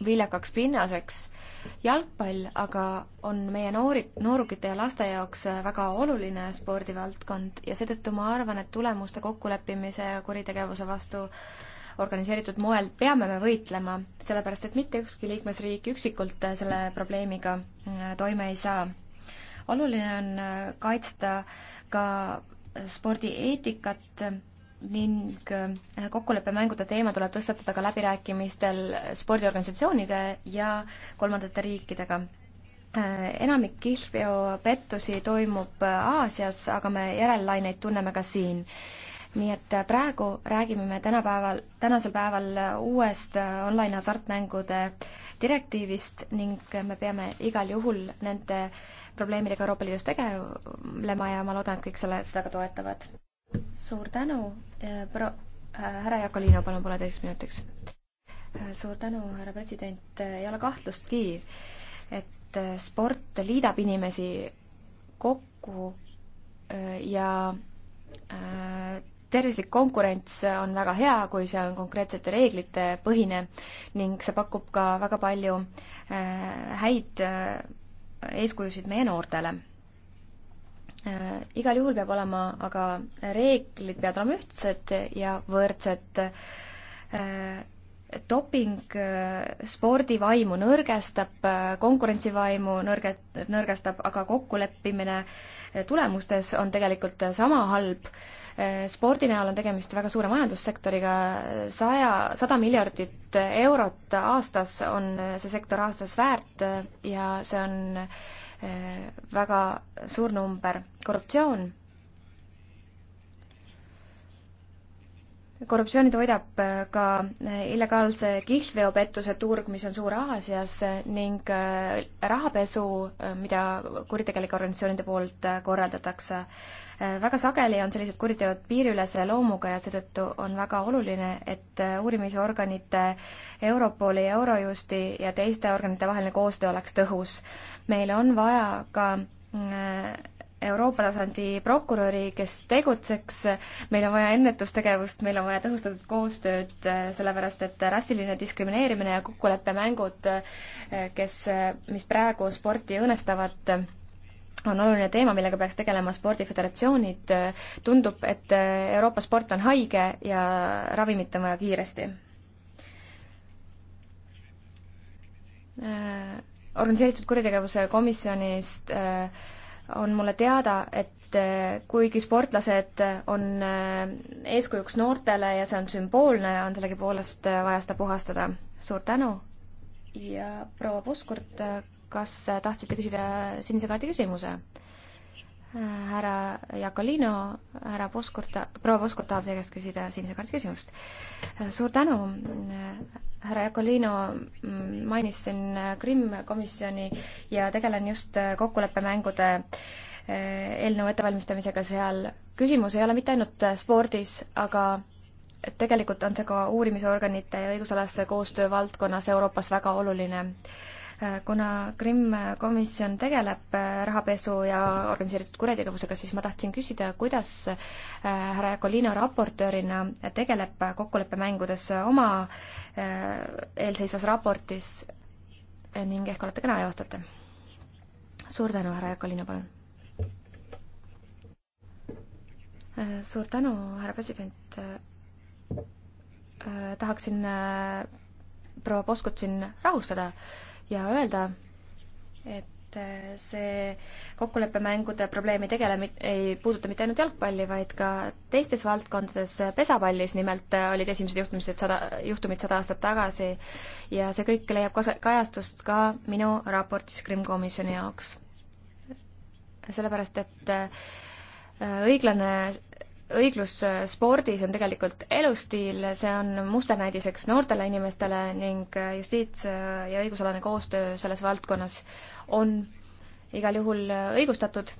viljakaks pinnaseks äh, jalgpall aga on meie noori, noorukite ja laste jaoks väga oluline spordivaldkond ja seetõttu ma arvan, et tulemuste kokkuleppimise ja kuritegevuse vastu organiseeritud moel peame me võitlema, sellepärast et mitte ükski liikmesriik üksikult selle probleemiga mm, toime ei saa. oluline on äh, kaitsta ka spordieetikat ning äh, kokkuleppemängude teema tuleb tõstatada ka läbirääkimistel spordiorganisatsioonide ja kolmandate riikidega äh, enamik kihlveopettusi toimub äh, Aasias, aga me järellaineid tunneme ka siin. nii et praegu räägime me tänapäeval, tänasel päeval uuest online hasartmängude direktiivist ning me peame igal juhul nende probleemidega Euroopa Liidus tegelema ja ma loodan, et kõik selle, seda ka toetavad suur tänu, äh, pro-, äh, härra Jakolino, palun pooleteiseks minutiks. Äh, suur tänu, härra president, ei ole kahtlustki, et sport liidab inimesi kokku ja tervislik konkurents on väga hea, kui see on konkreetsete reeglite põhine ning see pakub ka väga palju häid eeskujusid meie noortele Äh, igal juhul peab olema, aga reeglid peavad olema ühtsed ja võrdsed. Äh, doping äh, spordivaimu nõrgestab, konkurentsivaimu nõrge, nõrgestab, aga kokkuleppimine tulemustes on tegelikult sama halb. spordi näol on tegemist väga suure majandussektoriga, saja, sada miljardit eurot aastas on see sektor aastas väärt ja see on Äh, väga suur number. korruptsioon. korruptsiooni toidab äh, ka äh, illegaalse kihlveopettuse turg, mis on suur Aasias ning rahapesu, mida kuritegelike organisatsioonide poolt korraldatakse. väga sageli on sellised kuriteod piiriülese loomuga ja seetõttu on väga oluline, et uurimisorganite Europoli, Eurojusti ja teiste organite vaheline koostöö oleks tõhus meil on vaja ka äh, Euroopa tasandi prokuröri, kes tegutseks, meil on vaja ennetustegevust, meil on vaja tõhustatud koostööd, äh, sellepärast et rassiline diskrimineerimine ja kokkuleppemängud, äh, kes, mis praegu sporti õõnestavad, on oluline teema, millega peaks tegelema spordiföderatsioonid. tundub, et Euroopa sport on haige ja ravimit on vaja kiiresti organiseeritud kuritegevuse komisjonist äh, on mulle teada, et äh, kuigi sportlased on äh, eeskujuks noortele ja see on sümboolne, on sellegipoolest vaja seda puhastada. suur tänu ja proua Puskurt, kas tahtsite küsida sinise kaardi küsimuse? härra Jakolino, härra Poskurt, proua Poskurt tahab teie käest küsida sinise kaardi küsimust. suur tänu, härra Jakolino mainis siin Krimm komisjoni ja tegelen just kokkuleppemängude eh, eelnõu ettevalmistamisega seal. küsimus ei ole mitte ainult spordis, aga tegelikult on see ka uurimisorganite ja õigusalase koostöö valdkonnas Euroopas väga oluline Äh, kuna Krimm äh, komisjon tegeleb äh, rahapesu ja organiseeritud kuritegevusega, siis ma tahtsin küsida, kuidas härra Jakolino raportöörina tegeleb kokkuleppemängudes oma eelseisvas raportis ning ehk olete kena ja vastate. suur tänu, härra Jakolino, palun. suur tänu, härra president. tahaksin proua Poskut siin rahustada ja öelda, et äh, see kokkuleppemängude probleemi tegele-, ei puuduta mitte ainult jalgpalli, vaid ka teistes valdkondades, pesapallis nimelt äh, olid esimesed juhtumised sada, juhtumid sada aastat tagasi ja see kõik leiab kas-, kajastust ka minu raportis Krimm komisjoni jaoks. sellepärast, et äh, õiglane õiglus äh, spordis on tegelikult elustiil, see on musternäidiseks noortele inimestele ning äh, justiits- ja õigusalane koostöö selles valdkonnas on igal juhul äh, õigustatud,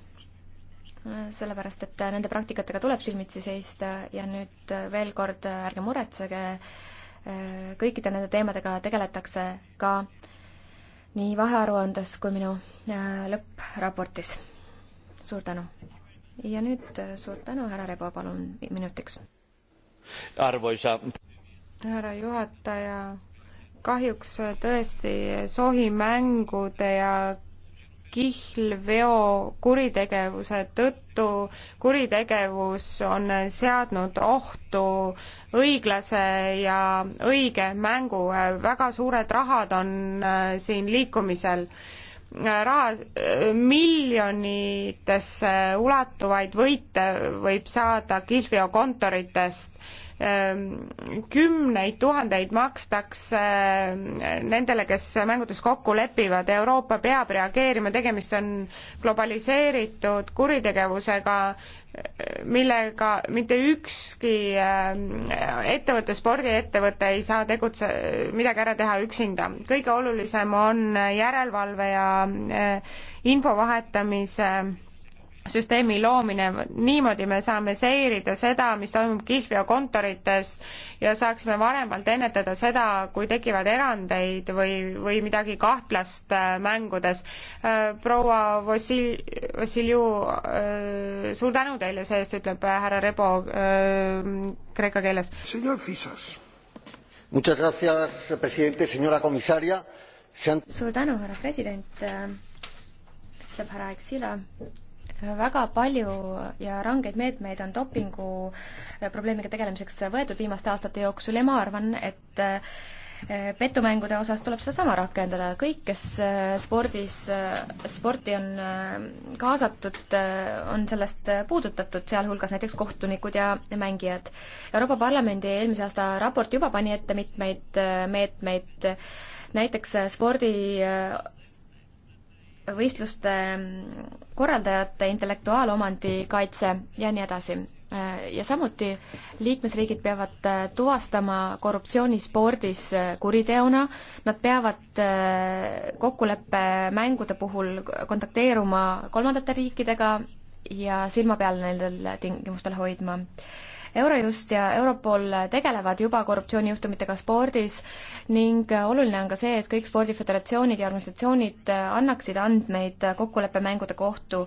sellepärast et nende praktikatega tuleb silmitsi seista ja nüüd veel kord ärge muretsege, kõikide nende teemadega tegeletakse ka nii vahearuandes kui minu lõppraportis. suur tänu! ja nüüd äh, suur tänu, härra Rebo, palun minutiks. arvoisa. härra juhataja, kahjuks äh, tõesti äh, sohimängude ja kihlveo kuritegevuse tõttu kuritegevus on seadnud ohtu õiglase ja õige mängu, väga suured rahad on siin liikumisel raha, miljonitesse ulatuvaid võite võib saada kihlveokontoritest Ehm, kümneid tuhandeid makstakse ehm, nendele, kes mängudes kokku lepivad, Euroopa peab reageerima, tegemist on globaliseeritud kuritegevusega, ehm, millega mitte ükski ettevõte, spordiettevõte ei saa tegutse, midagi ära teha üksinda. kõige olulisem on järelevalve ja info vahetamise süsteemi loomine, niimoodi me saame seirida seda, mis toimub kihlveokontorites ja saaksime varemalt ennetada seda, kui tekivad erandeid või, või midagi kahtlast äh, mängudes. Äh, proua Vassil-, Vassiljev, äh, suur tänu teile see eest, ütleb härra Rebo kreeka keeles. suur tänu, härra president, ütleb härra Exila väga palju ja rangeid meetmeid on dopingu äh, probleemiga tegelemiseks võetud viimaste aastate jooksul ja ma arvan, et äh, petumängude osas tuleb sedasama rakendada, kõik, kes äh, spordis, sporti on kaasatud, on sellest puudutatud, sealhulgas näiteks kohtunikud ja mängijad. Euroopa Parlamendi eelmise aasta raport juba pani ette mitmeid meetmeid, näiteks spordi võistluste korraldajate intellektuaalomandi kaitse ja nii edasi. ja samuti liikmesriigid peavad tuvastama korruptsiooni spordis kuriteona, nad peavad kokkuleppemängude puhul kontakteeruma kolmandate riikidega ja silma peal nendel tingimustel hoidma. Eurojust ja Europol tegelevad juba korruptsioonijuhtumitega spordis ning oluline on ka see, et kõik spordiföderatsioonid ja organisatsioonid annaksid andmeid kokkuleppemängude kohtu,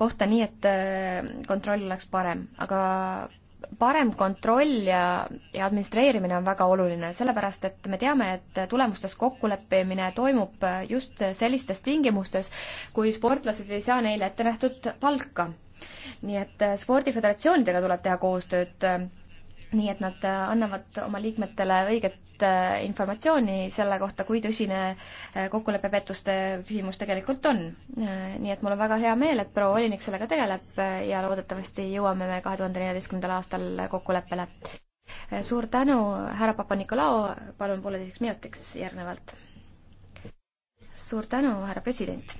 kohta, nii et äh, kontroll oleks parem, aga parem kontroll ja, ja administreerimine on väga oluline, sellepärast et me teame, et tulemustes kokkuleppimine toimub just sellistes tingimustes, kui sportlased ei saa neile ette nähtud palka nii et äh, spordiföderatsioonidega tuleb teha koostööd, äh, nii et nad äh, annavad oma liikmetele õiget informatsiooni selle kohta, kui tõsine kokkuleppepettuste küsimus tegelikult on. nii et mul on väga hea meel, et proua volinik sellega tegeleb ja loodetavasti jõuame me kahe tuhande neljateistkümnendal aastal kokkuleppele. suur tänu, härra Papa-Nikolao, palun pooleteiseks minutiks järgnevalt. suur tänu, härra president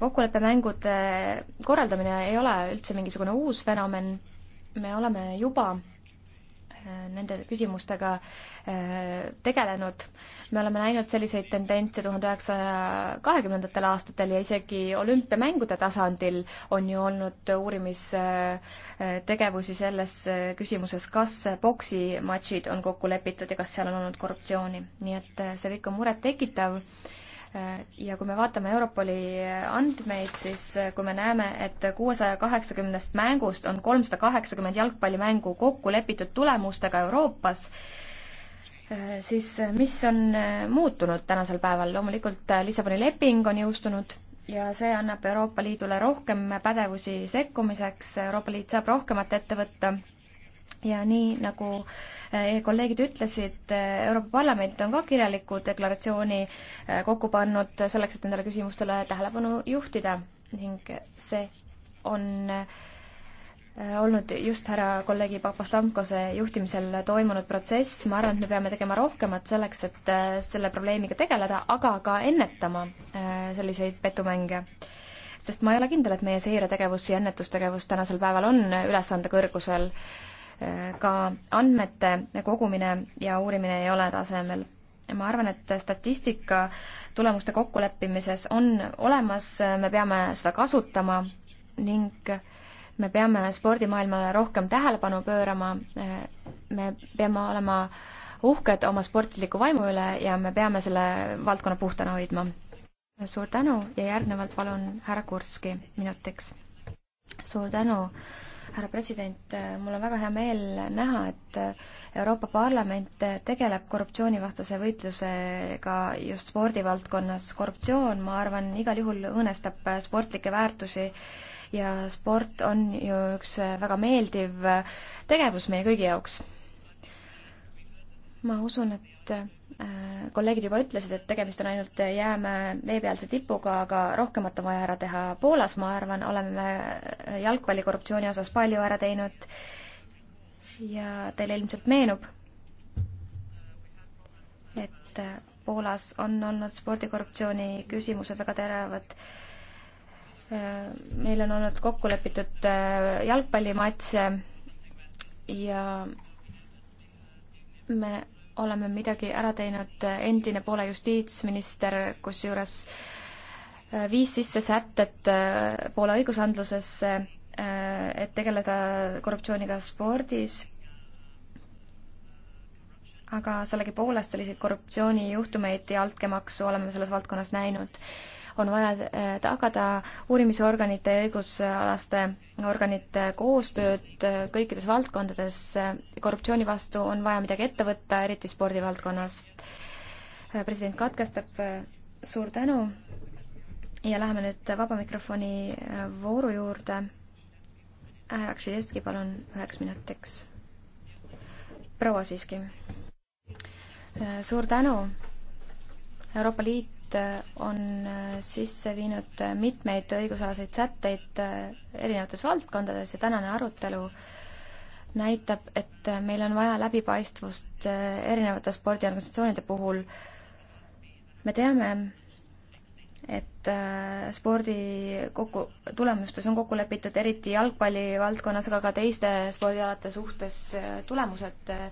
kokkuleppemängude korraldamine ei ole üldse mingisugune uus fenomen, me oleme juba äh, nende küsimustega äh, tegelenud. me oleme näinud selliseid tendentse tuhande üheksasaja kahekümnendatel aastatel ja isegi olümpiamängude tasandil on ju olnud uurimistegevusi äh, selles küsimuses, kas poksimatšid on kokku lepitud ja kas seal on olnud korruptsiooni. nii et see kõik on murettekitav ja kui me vaatame Europoli andmeid, siis eh, kui me näeme, et kuuesaja kaheksakümnest mängust on kolmsada kaheksakümmend jalgpallimängu kokku lepitud tulemustega Euroopas, eh, siis eh, mis on muutunud tänasel päeval, loomulikult Lissaboni leping on jõustunud ja see annab Euroopa Liidule rohkem pädevusi sekkumiseks, Euroopa Liit saab rohkemat ette võtta ja nii nagu äh, kolleegid ütlesid, äh, Euroopa Parlament on ka kirjaliku deklaratsiooni äh, kokku pannud selleks, et nendele küsimustele tähelepanu juhtida ning see on olnud just härra kolleegi Papastamkose juhtimisel toimunud protsess, ma arvan, et me peame tegema rohkemat selleks, et selle probleemiga tegeleda, aga ka ennetama selliseid petumänge. sest ma ei ole kindel, et meie seiretegevus ja ennetustegevus tänasel päeval on ülesande kõrgusel äh, ka andmete kogumine ja uurimine ei ole tasemel. ma arvan, et statistika tulemuste kokkuleppimises on olemas, me peame seda kasutama ning me peame spordimaailmale rohkem tähelepanu pöörama, me peame olema uhked oma sportliku vaimu üle ja me peame selle valdkonna puhtana hoidma. suur tänu ja järgnevalt palun härra Kurski minutiks. suur tänu härra president, mul on väga hea meel näha, et Euroopa Parlament tegeleb korruptsioonivastase võitlusega just spordivaldkonnas. korruptsioon, ma arvan, igal juhul õõnestab sportlikke väärtusi ja sport on ju üks väga meeldiv tegevus meie kõigi jaoks. ma usun, et Äh, kolleegid juba ütlesid, et tegemist on ainult jäämäe veepealse tipuga, aga rohkemat on vaja ära teha. Poolas, ma arvan, oleme me jalgpallikorruptsiooni osas palju ära teinud ja teile ilmselt meenub, et Poolas on olnud spordikorruptsiooni küsimused väga teravad äh, meil on olnud kokku lepitud äh, jalgpallimatše ja me oleme midagi ära teinud, endine Poola justiitsminister, kusjuures äh, viis sisse sätted äh, Poola õigusandlusesse, äh, et tegeleda korruptsiooniga spordis aga sellegipoolest selliseid korruptsioonijuhtumeid ja altkäemaksu oleme selles valdkonnas näinud on vaja äh, tagada uurimisorganite ja õigusalaste organite koostööd äh, kõikides valdkondades. Äh, korruptsiooni vastu on vaja midagi ette võtta, eriti spordivaldkonnas. president katkestab, suur tänu ja läheme nüüd vaba mikrofoni vooru juurde. härra Kšileski, palun üheks minutiks. proua siiski. suur tänu Euroopa Liit Liit äh, on äh, sisse viinud äh, mitmeid õigusalaseid sätteid erinevates valdkondades ja tänane arutelu näitab, et meil on vaja läbipaistvust erinevate spordiorganisatsioonide puhul. me teame, et spordi kokku, tulemustes on kokku lepitud, eriti jalgpalli valdkonnas, aga ka teiste spordialade suhtes tulemused äh,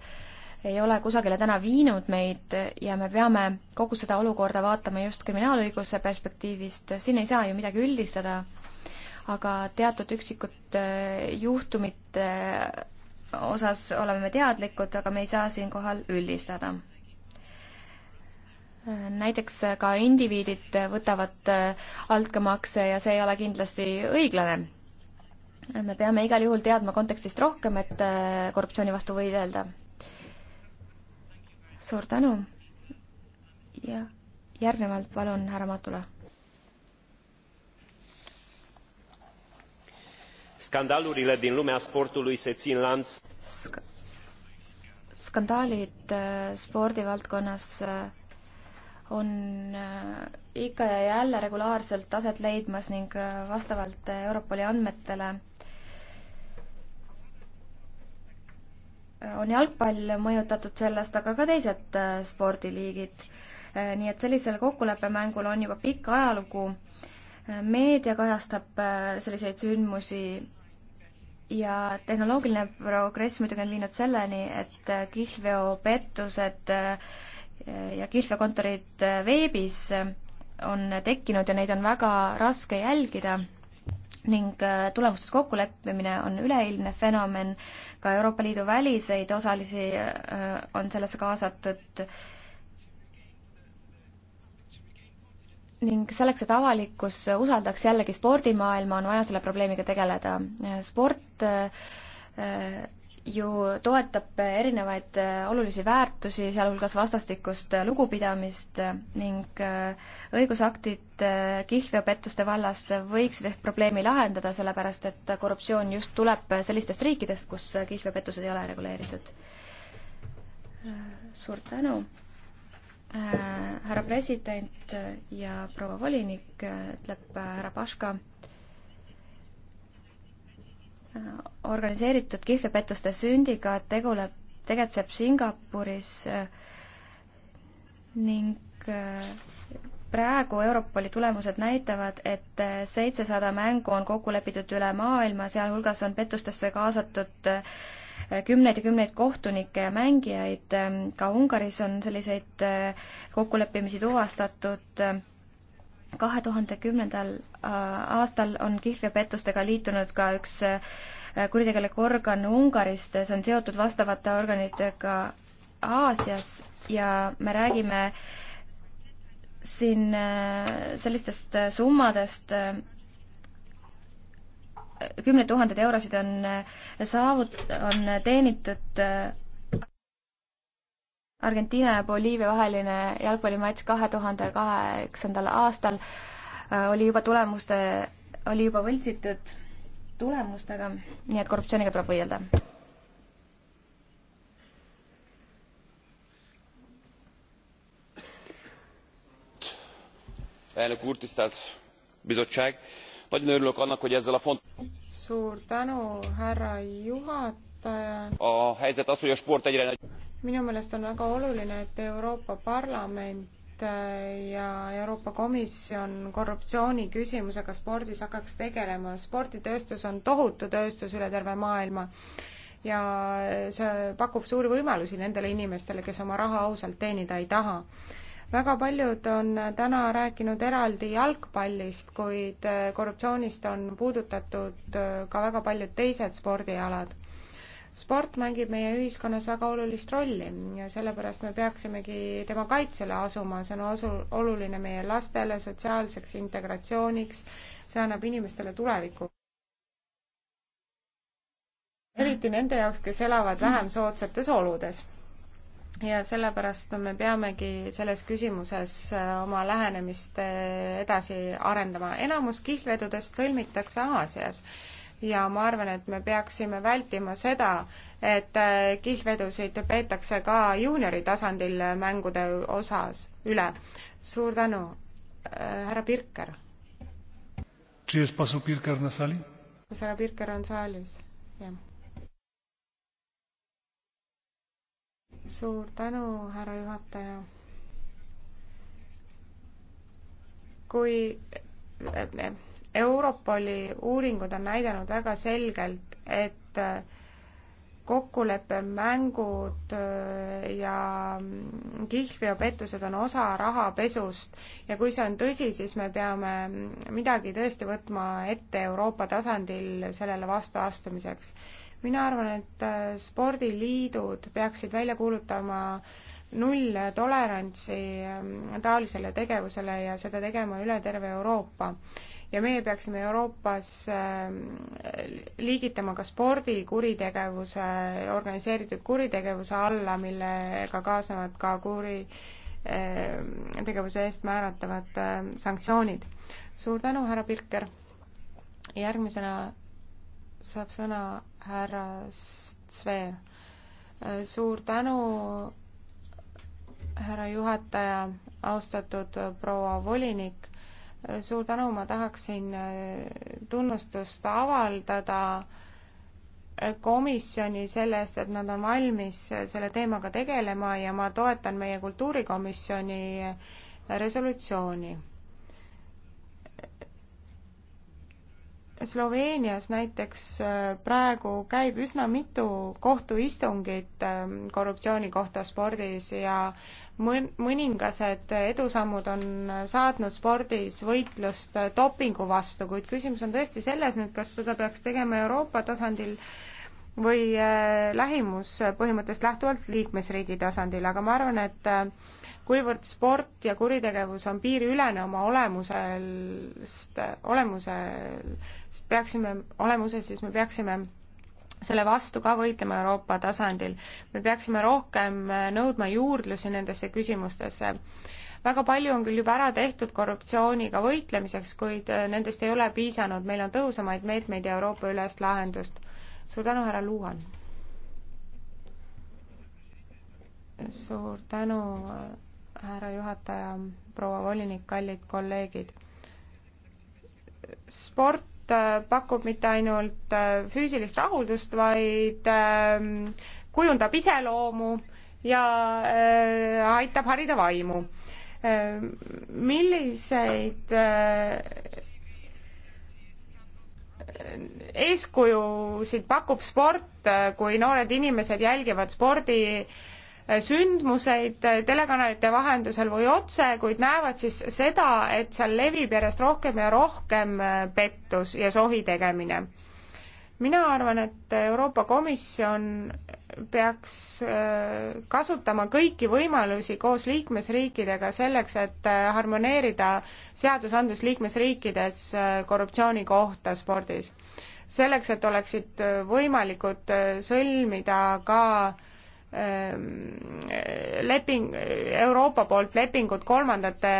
ei ole kusagile täna viinud meid ja me peame kogu seda olukorda vaatama just kriminaalõiguse perspektiivist, siin ei saa ju midagi üldistada, aga teatud üksikud äh, juhtumite äh, osas oleme teadlikud, aga me ei saa siinkohal üldistada äh, näiteks ka indiviidid võtavad altkäemakse ja see ei ole kindlasti õiglane. me peame igal juhul teadma kontekstist rohkem, et korruptsiooni vastu võidelda suur tänu ja järgnevalt palun härra Matula. skandalurile din lumea sportului se țin lanț Sk skandaalid äh, spordivaldkonnas äh, on äh, ikka ja jälle regulaarselt aset leidmas ning vastavalt Europoli andmetele on jalgpall mõjutatud sellest, aga ka teised äh, spordiliigid. Äh, nii et sellisel kokkuleppemängul on juba pikk ajalugu. Äh, meedia kajastab selliseid sündmusi ja tehnoloogiline progress muidugi on viinud selleni, et kihlveopettused ja kihlveokontorid veebis on tekkinud ja neid on väga raske jälgida ning äh, tulemustes kokkuleppimine on üleilmne fenomen, ka Euroopa Liidu väliseid osalisi äh, on sellesse kaasatud ning selleks, et avalikkus usaldaks jällegi spordimaailma, on vaja selle probleemiga tegeleda. sport äh, ju toetab erinevaid äh, olulisi väärtusi, sealhulgas vastastikust äh, lugupidamist äh, ning õigusaktid kihlveopettuste vallas võiksid ehk probleemi lahendada, sellepärast et korruptsioon just tuleb sellistest riikidest, kus kihlveopettused ei ole reguleeritud. suur tänu, härra president ja proua volinik, ütleb härra Paška organiseeritud kihlvepettuste sündiga teguleb, tegutseb Singapuris äh, ning äh, praegu Europoli tulemused näitavad, et äh, seitsesada mängu on kokku lepitud üle maailma, sealhulgas on pettustesse kaasatud kümneid ja kümneid kohtunikke ja mängijaid, ka Ungaris on selliseid kokkuleppimisi tuvastatud kahe tuhande kümnendal äh, aastal on kihlveopettustega liitunud ka üks äh, kuritegelik organ Ungarist, see on seotud vastavate organitega Aasias ja me räägime siin äh, sellistest summadest, kümned tuhanded eurosid on saavut-, on teenitud Argentiina ja Boliivia vaheline jalgpallimatš kahe tuhande kaheksandal aastal äh, oli juba tulemuste, oli juba võltsitud tulemustega, nii et korruptsiooniga tuleb võidelda. elnök úr, tisztelt bizottság! Nagyon örülök annak, hogy ezzel a fontos... Suur tänu, härra juhataja! A helyzet az, hogy a sport egyre minu meelest on väga oluline, et Euroopa Parlament äh, ja Euroopa Komisjon korruptsiooni küsimusega spordis hakkaks tegelema. sporditööstus on tohutu tööstus üle terve maailma ja see pakub suuri võimalusi nendele inimestele, kes oma raha ausalt teenida ei taha. väga paljud on täna rääkinud eraldi jalgpallist, kuid äh, korruptsioonist on puudutatud äh, ka väga paljud teised spordialad sport mängib meie ühiskonnas väga olulist rolli ja sellepärast me peaksimegi tema kaitsele asuma, see on osu-, oluline meie lastele, sotsiaalseks integratsiooniks, see annab inimestele tulevikku. eriti nende jaoks, kes elavad vähem soodsates oludes. ja sellepärast me peamegi selles küsimuses äh, oma lähenemist äh, edasi arendama. enamus kihlvedudest sõlmitakse Aasias ja ma arvan, et me peaksime vältima seda, et äh, kihlvedusid peetakse ka juuniori tasandil äh, mängude osas üle. suur tänu, äh, härra Pirker. kas härra Pirker on saalis? jah. suur tänu, härra juhataja. kui Europoli uuringud on näidanud väga selgelt, et äh, kokkuleppemängud äh, ja mm, kihlveopettused on osa rahapesust ja kui see on tõsi, siis me peame midagi tõesti võtma ette Euroopa tasandil sellele vastu astumiseks. mina arvan, et äh, spordiliidud peaksid välja kuulutama nulltolerantsi mm, taolisele tegevusele ja seda tegema üle terve Euroopa ja meie peaksime Euroopas ähm, liigitama ka spordi kuritegevuse, organiseeritud kuritegevuse alla, millega kaasnevad ka kuri, ähm, tegevuse eest määratavad ähm, sanktsioonid. suur tänu, härra Pirker. järgmisena saab sõna härra Sveer. Äh, suur tänu, härra juhataja, austatud äh, proua volinik suur tänu, ma tahaksin äh, tunnustust avaldada äh, komisjoni selle eest, et nad on valmis äh, selle teemaga tegelema ja ma toetan meie kultuurikomisjoni resolutsiooni. Sloveenias näiteks praegu käib üsna mitu kohtuistungit korruptsiooni kohta spordis ja äh, mõn-, mõningased edusammud on saatnud spordis võitlust dopingu vastu, kuid küsimus on tõesti selles nüüd, kas seda peaks tegema Euroopa tasandil või äh, lähimuspõhimõttest lähtuvalt liikmesriigi tasandil, aga ma arvan, et äh, kuivõrd sport ja kuritegevus on piiriülene oma olemusest, olemusel, peaksime, olemuses, siis me peaksime selle vastu ka võitlema Euroopa tasandil. me peaksime rohkem äh, nõudma juurdlusi nendesse küsimustesse. väga palju on küll juba ära tehtud korruptsiooniga võitlemiseks, kuid äh, nendest ei ole piisanud, meil on tõhusamaid meetmeid ja Euroopa ülest lahendust. suur tänu, härra Luuan! suur tänu, äh, härra juhataja, proua volinik, kallid kolleegid! sport Äh, pakub mitte ainult äh, füüsilist rahuldust, vaid ähm, kujundab iseloomu ja äh, aitab harida vaimu. Ähm, milliseid eeskujusid pakub sport, kui noored inimesed jälgivad spordi Äh, sündmuseid äh, telekanalite vahendusel või otse, kuid näevad siis seda, et seal levib järjest rohkem ja rohkem äh, pettus ja sohi tegemine. mina arvan, et Euroopa Komisjon peaks kasutama kõiki võimalusi koos liikmesriikidega selleks, et harmoneerida seadusandlus liikmesriikides korruptsiooni kohta spordis. selleks, et oleksid võimalikud sõlmida ka äh, Ehm, leping, Euroopa poolt lepingud kolmandate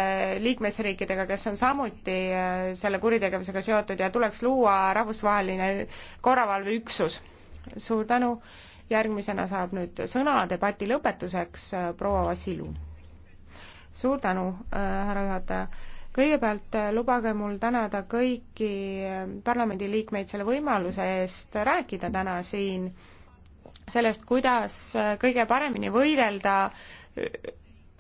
liikmesriikidega, kes on samuti eh, selle kuritegevusega seotud ja tuleks luua rahvusvaheline korravalveüksus. suur tänu, järgmisena saab nüüd sõna debati lõpetuseks eh, proua Vassilu. suur tänu, eh, härra juhataja kõigepealt lubage mul tänada kõiki parlamendiliikmeid selle võimaluse eest rääkida täna siin sellest, kuidas äh, kõige paremini võidelda äh,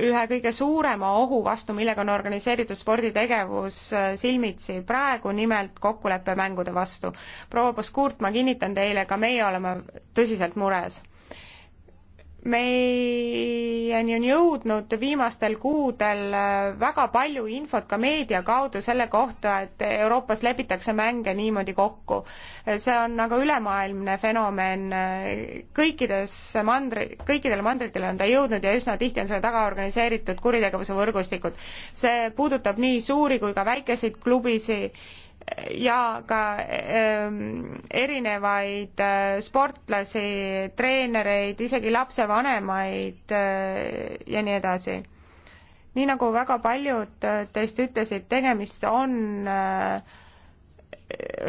ühe kõige suurema ohu vastu, millega on organiseeritud sporditegevus äh, silmitsi praegu, nimelt kokkuleppemängude vastu. proua Poskurt, ma kinnitan teile, ka meie oleme tõsiselt mures meieni on jõudnud viimastel kuudel äh, väga palju infot ka meedia kaudu selle kohta, et Euroopas lepitakse mänge niimoodi kokku. Äh, see on aga ülemaailmne fenomen, äh, kõikides mandri, kõikidele mandritele on ta jõudnud ja üsna tihti on selle taga organiseeritud kuritegevuse võrgustikud. see puudutab nii suuri kui ka väikeseid klubisid ja ka ähm, erinevaid äh, sportlasi, treenereid, isegi lapsevanemaid äh, ja nii edasi. nii nagu väga paljud äh, teist ütlesid, tegemist on äh,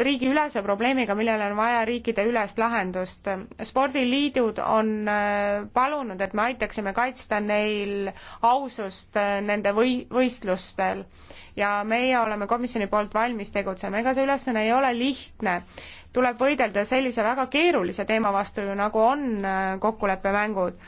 riigiülese probleemiga, millele on vaja riikideülest lahendust. spordiliidud on äh, palunud, et me aitaksime kaitsta neil ausust äh, nende või-, võistlustel ja meie oleme komisjoni poolt valmis tegutsema. ega see ülesanne ei ole lihtne, tuleb võidelda sellise väga keerulise teema vastu, nagu on äh, kokkuleppemängud.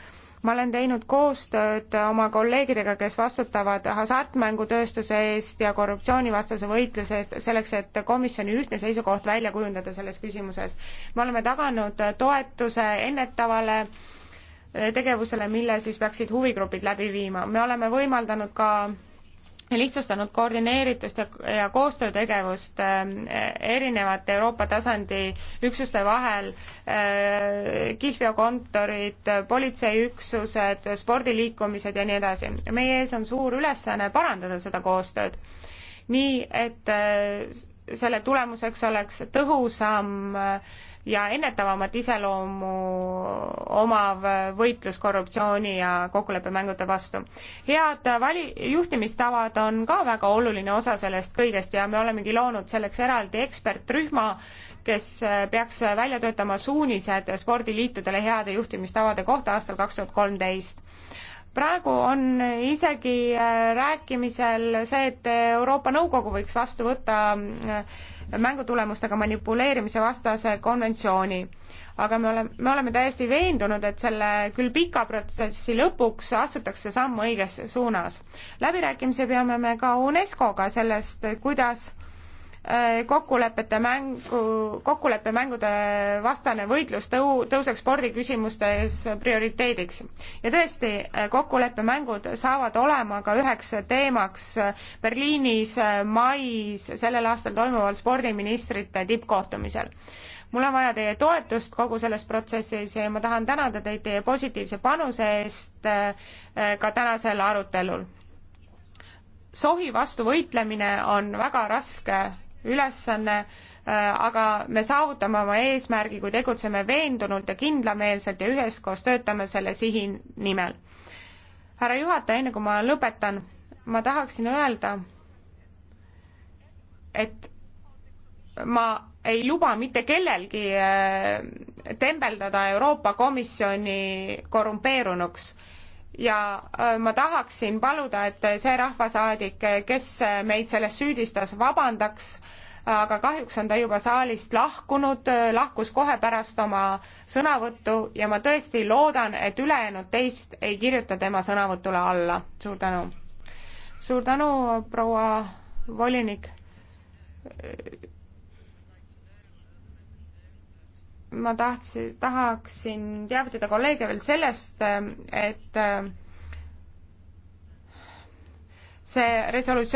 ma olen teinud koostööd oma kolleegidega, kes vastutavad hasartmängutööstuse eest ja korruptsioonivastase võitluse eest, selleks et komisjoni ühtne seisukoht välja kujundada selles küsimuses. me oleme taganud toetuse ennetavale äh, tegevusele, mille siis peaksid huvigrupid läbi viima. me oleme võimaldanud ka lihtsustanud koordineeritust ja, ja koostöötegevust äh, erinevate Euroopa tasandi üksuste vahel äh,, kihlveokontorid, politseiüksused, spordiliikumised ja nii edasi. meie ees on suur ülesanne parandada seda koostööd, nii et äh, selle tulemuseks oleks tõhusam äh, ja ennetavamat iseloomu omav võitlus korruptsiooni ja kokkuleppemängute vastu. head vali-, juhtimistavad on ka väga oluline osa sellest kõigest ja me olemegi loonud selleks eraldi ekspertrühma, kes peaks välja töötama suunised spordiliitudele heade juhtimistavade kohta aastal kaks tuhat kolmteist praegu on isegi äh, rääkimisel see, et Euroopa Nõukogu võiks vastu võtta äh, mängutulemustega manipuleerimise vastase konventsiooni. aga me oleme, me oleme täiesti veendunud, et selle küll pika protsessi lõpuks astutakse samm õiges suunas. läbirääkimisi peame me ka UNESCO-ga sellest, kuidas Äh, kokkulepete mängu, kokkuleppemängude vastane võitlus tõu-, tõuseks spordiküsimustes prioriteediks. ja tõesti, äh, kokkuleppemängud saavad olema ka üheks teemaks äh, Berliinis mais sellel aastal toimuval spordiministrite tippkohtumisel mul on vaja teie toetust kogu selles protsessis ja ma tahan tänada teid teie positiivse panuse eest ka tänasel arutelul. sohi vastu võitlemine on väga raske ülesanne, äh, aga me saavutame oma eesmärgi, kui tegutseme veendunult ja kindlameelselt ja üheskoos töötame selle sihi nimel. härra juhataja, enne kui ma lõpetan, ma tahaksin öelda, et ma ei luba mitte kellelgi äh, tembeldada Euroopa Komisjoni korrumpeerunuks ja äh, ma tahaksin paluda, et see rahvasaadik, kes meid selles süüdistas, vabandaks, aga kahjuks on ta juba saalist lahkunud, lahkus kohe pärast oma sõnavõttu ja ma tõesti loodan, et ülejäänud teist ei kirjuta tema sõnavõtule alla. suur tänu. suur tänu, proua volinik ma tahtsin, tahaksin teavitada kolleege veel sellest, et äh, see resolutsioon